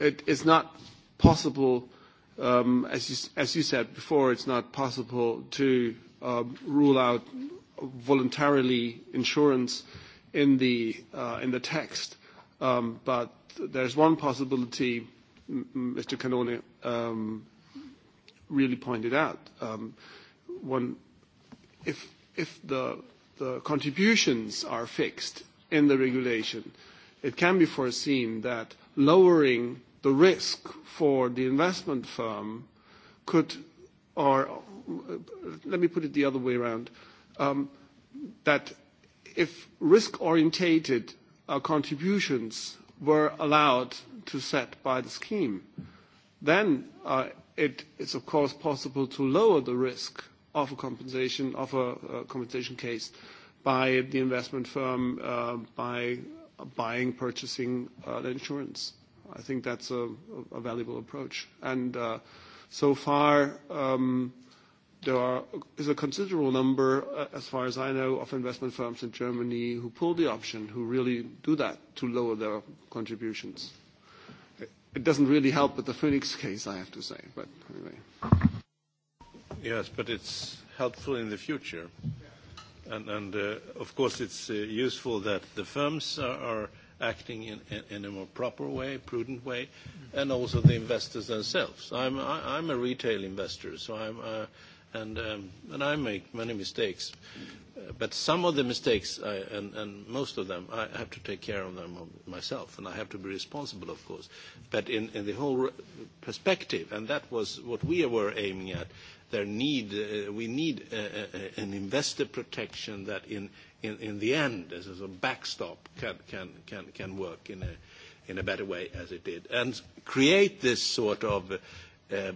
it is not possible, um, as, you, as you said before, it's not possible to um, rule out voluntarily insurance in the, uh, in the text. Um, but there's one possibility Mr. Canone um, really pointed out. Um, one, if, if the, the contributions are fixed in the regulation, it can be foreseen that lowering the risk for the investment firm could, or let me put it the other way around, um, that if risk-orientated uh, contributions were allowed to set by the scheme, then uh, it is of course possible to lower the risk of a compensation of a, a compensation case by the investment firm uh, by buying, purchasing uh, the insurance. I think that's a, a valuable approach. And uh, so far, um, there are, is a considerable number, uh, as far as I know, of investment firms in Germany who pull the option, who really do that to lower their contributions. It doesn't really help with the Phoenix case, I have to say, but anyway. Yes, but it's helpful in the future. And, and uh, of course, it's uh, useful that the firms are, are – acting in, in, in a more proper way, prudent way, and also the investors themselves. I'm, I, I'm a retail investor, so I'm, uh, and, um, and I make many mistakes. Uh, but some of the mistakes, I, and, and most of them, I have to take care of them myself, and I have to be responsible, of course. But in, in the whole perspective, and that was what we were aiming at, there need, uh, we need uh, uh, uh an investor protection that in, in, in the end as a backstop can, can, can, can work in a, in a better way as it did and create this sort of uh, uh,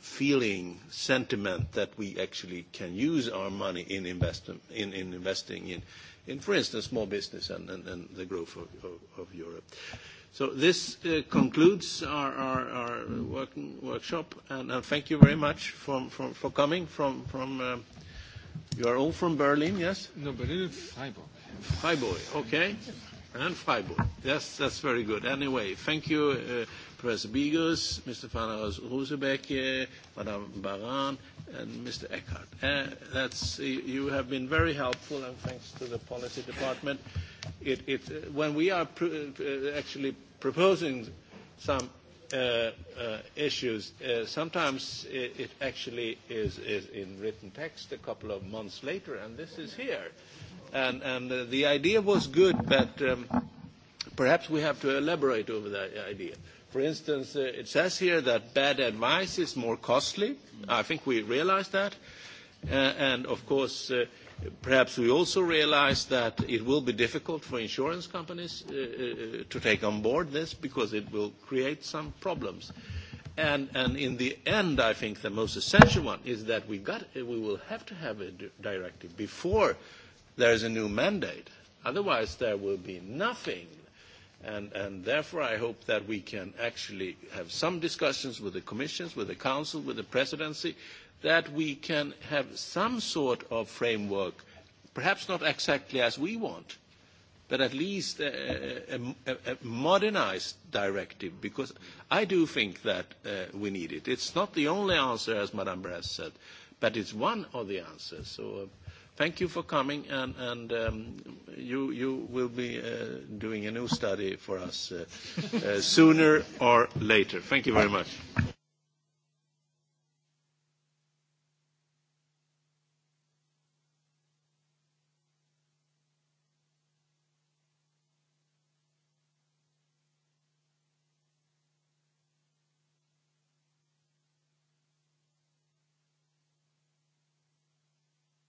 feeling, sentiment that we actually can use our money in, invest, in, in investing in, in, for instance, small business and, and, and the growth of, of, of Europe. So this uh, concludes our, our, our work, workshop, and, and thank you very much from, from, for coming from, from uh, You are all from Berlin, yes? No, Berlin, Freiburg. Freiburg, okay. And Freiburg. That's, that's very good. Anyway, thank you, uh, Professor Bigos, Mr. van Roosebeke, uh, Madame Baran, and Mr. Eckhart. Uh, that's, you have been very helpful, and thanks to the policy department. It, it, uh, when we are pr uh, actually proposing some uh, uh, issues, uh, sometimes it, it actually is, is in written text a couple of months later, and this is here. And, and uh, the idea was good, but um, perhaps we have to elaborate over that idea. For instance, uh, it says here that bad advice is more costly. I think we realize that. Uh, and of course, uh, Perhaps we also realize that it will be difficult for insurance companies uh, uh, to take on board this because it will create some problems. And, and in the end, I think the most essential one is that we, got, we will have to have a directive before there is a new mandate. Otherwise, there will be nothing. And, and therefore, I hope that we can actually have some discussions with the commissions, with the council, with the presidency, that we can have some sort of framework, perhaps not exactly as we want, but at least a, a, a modernized directive, because I do think that uh, we need it. It's not the only answer, as Madame Brass said, but it's one of the answers. So uh, thank you for coming, and, and um, you, you will be uh, doing a new study for us uh, uh, sooner or later. Thank you very much.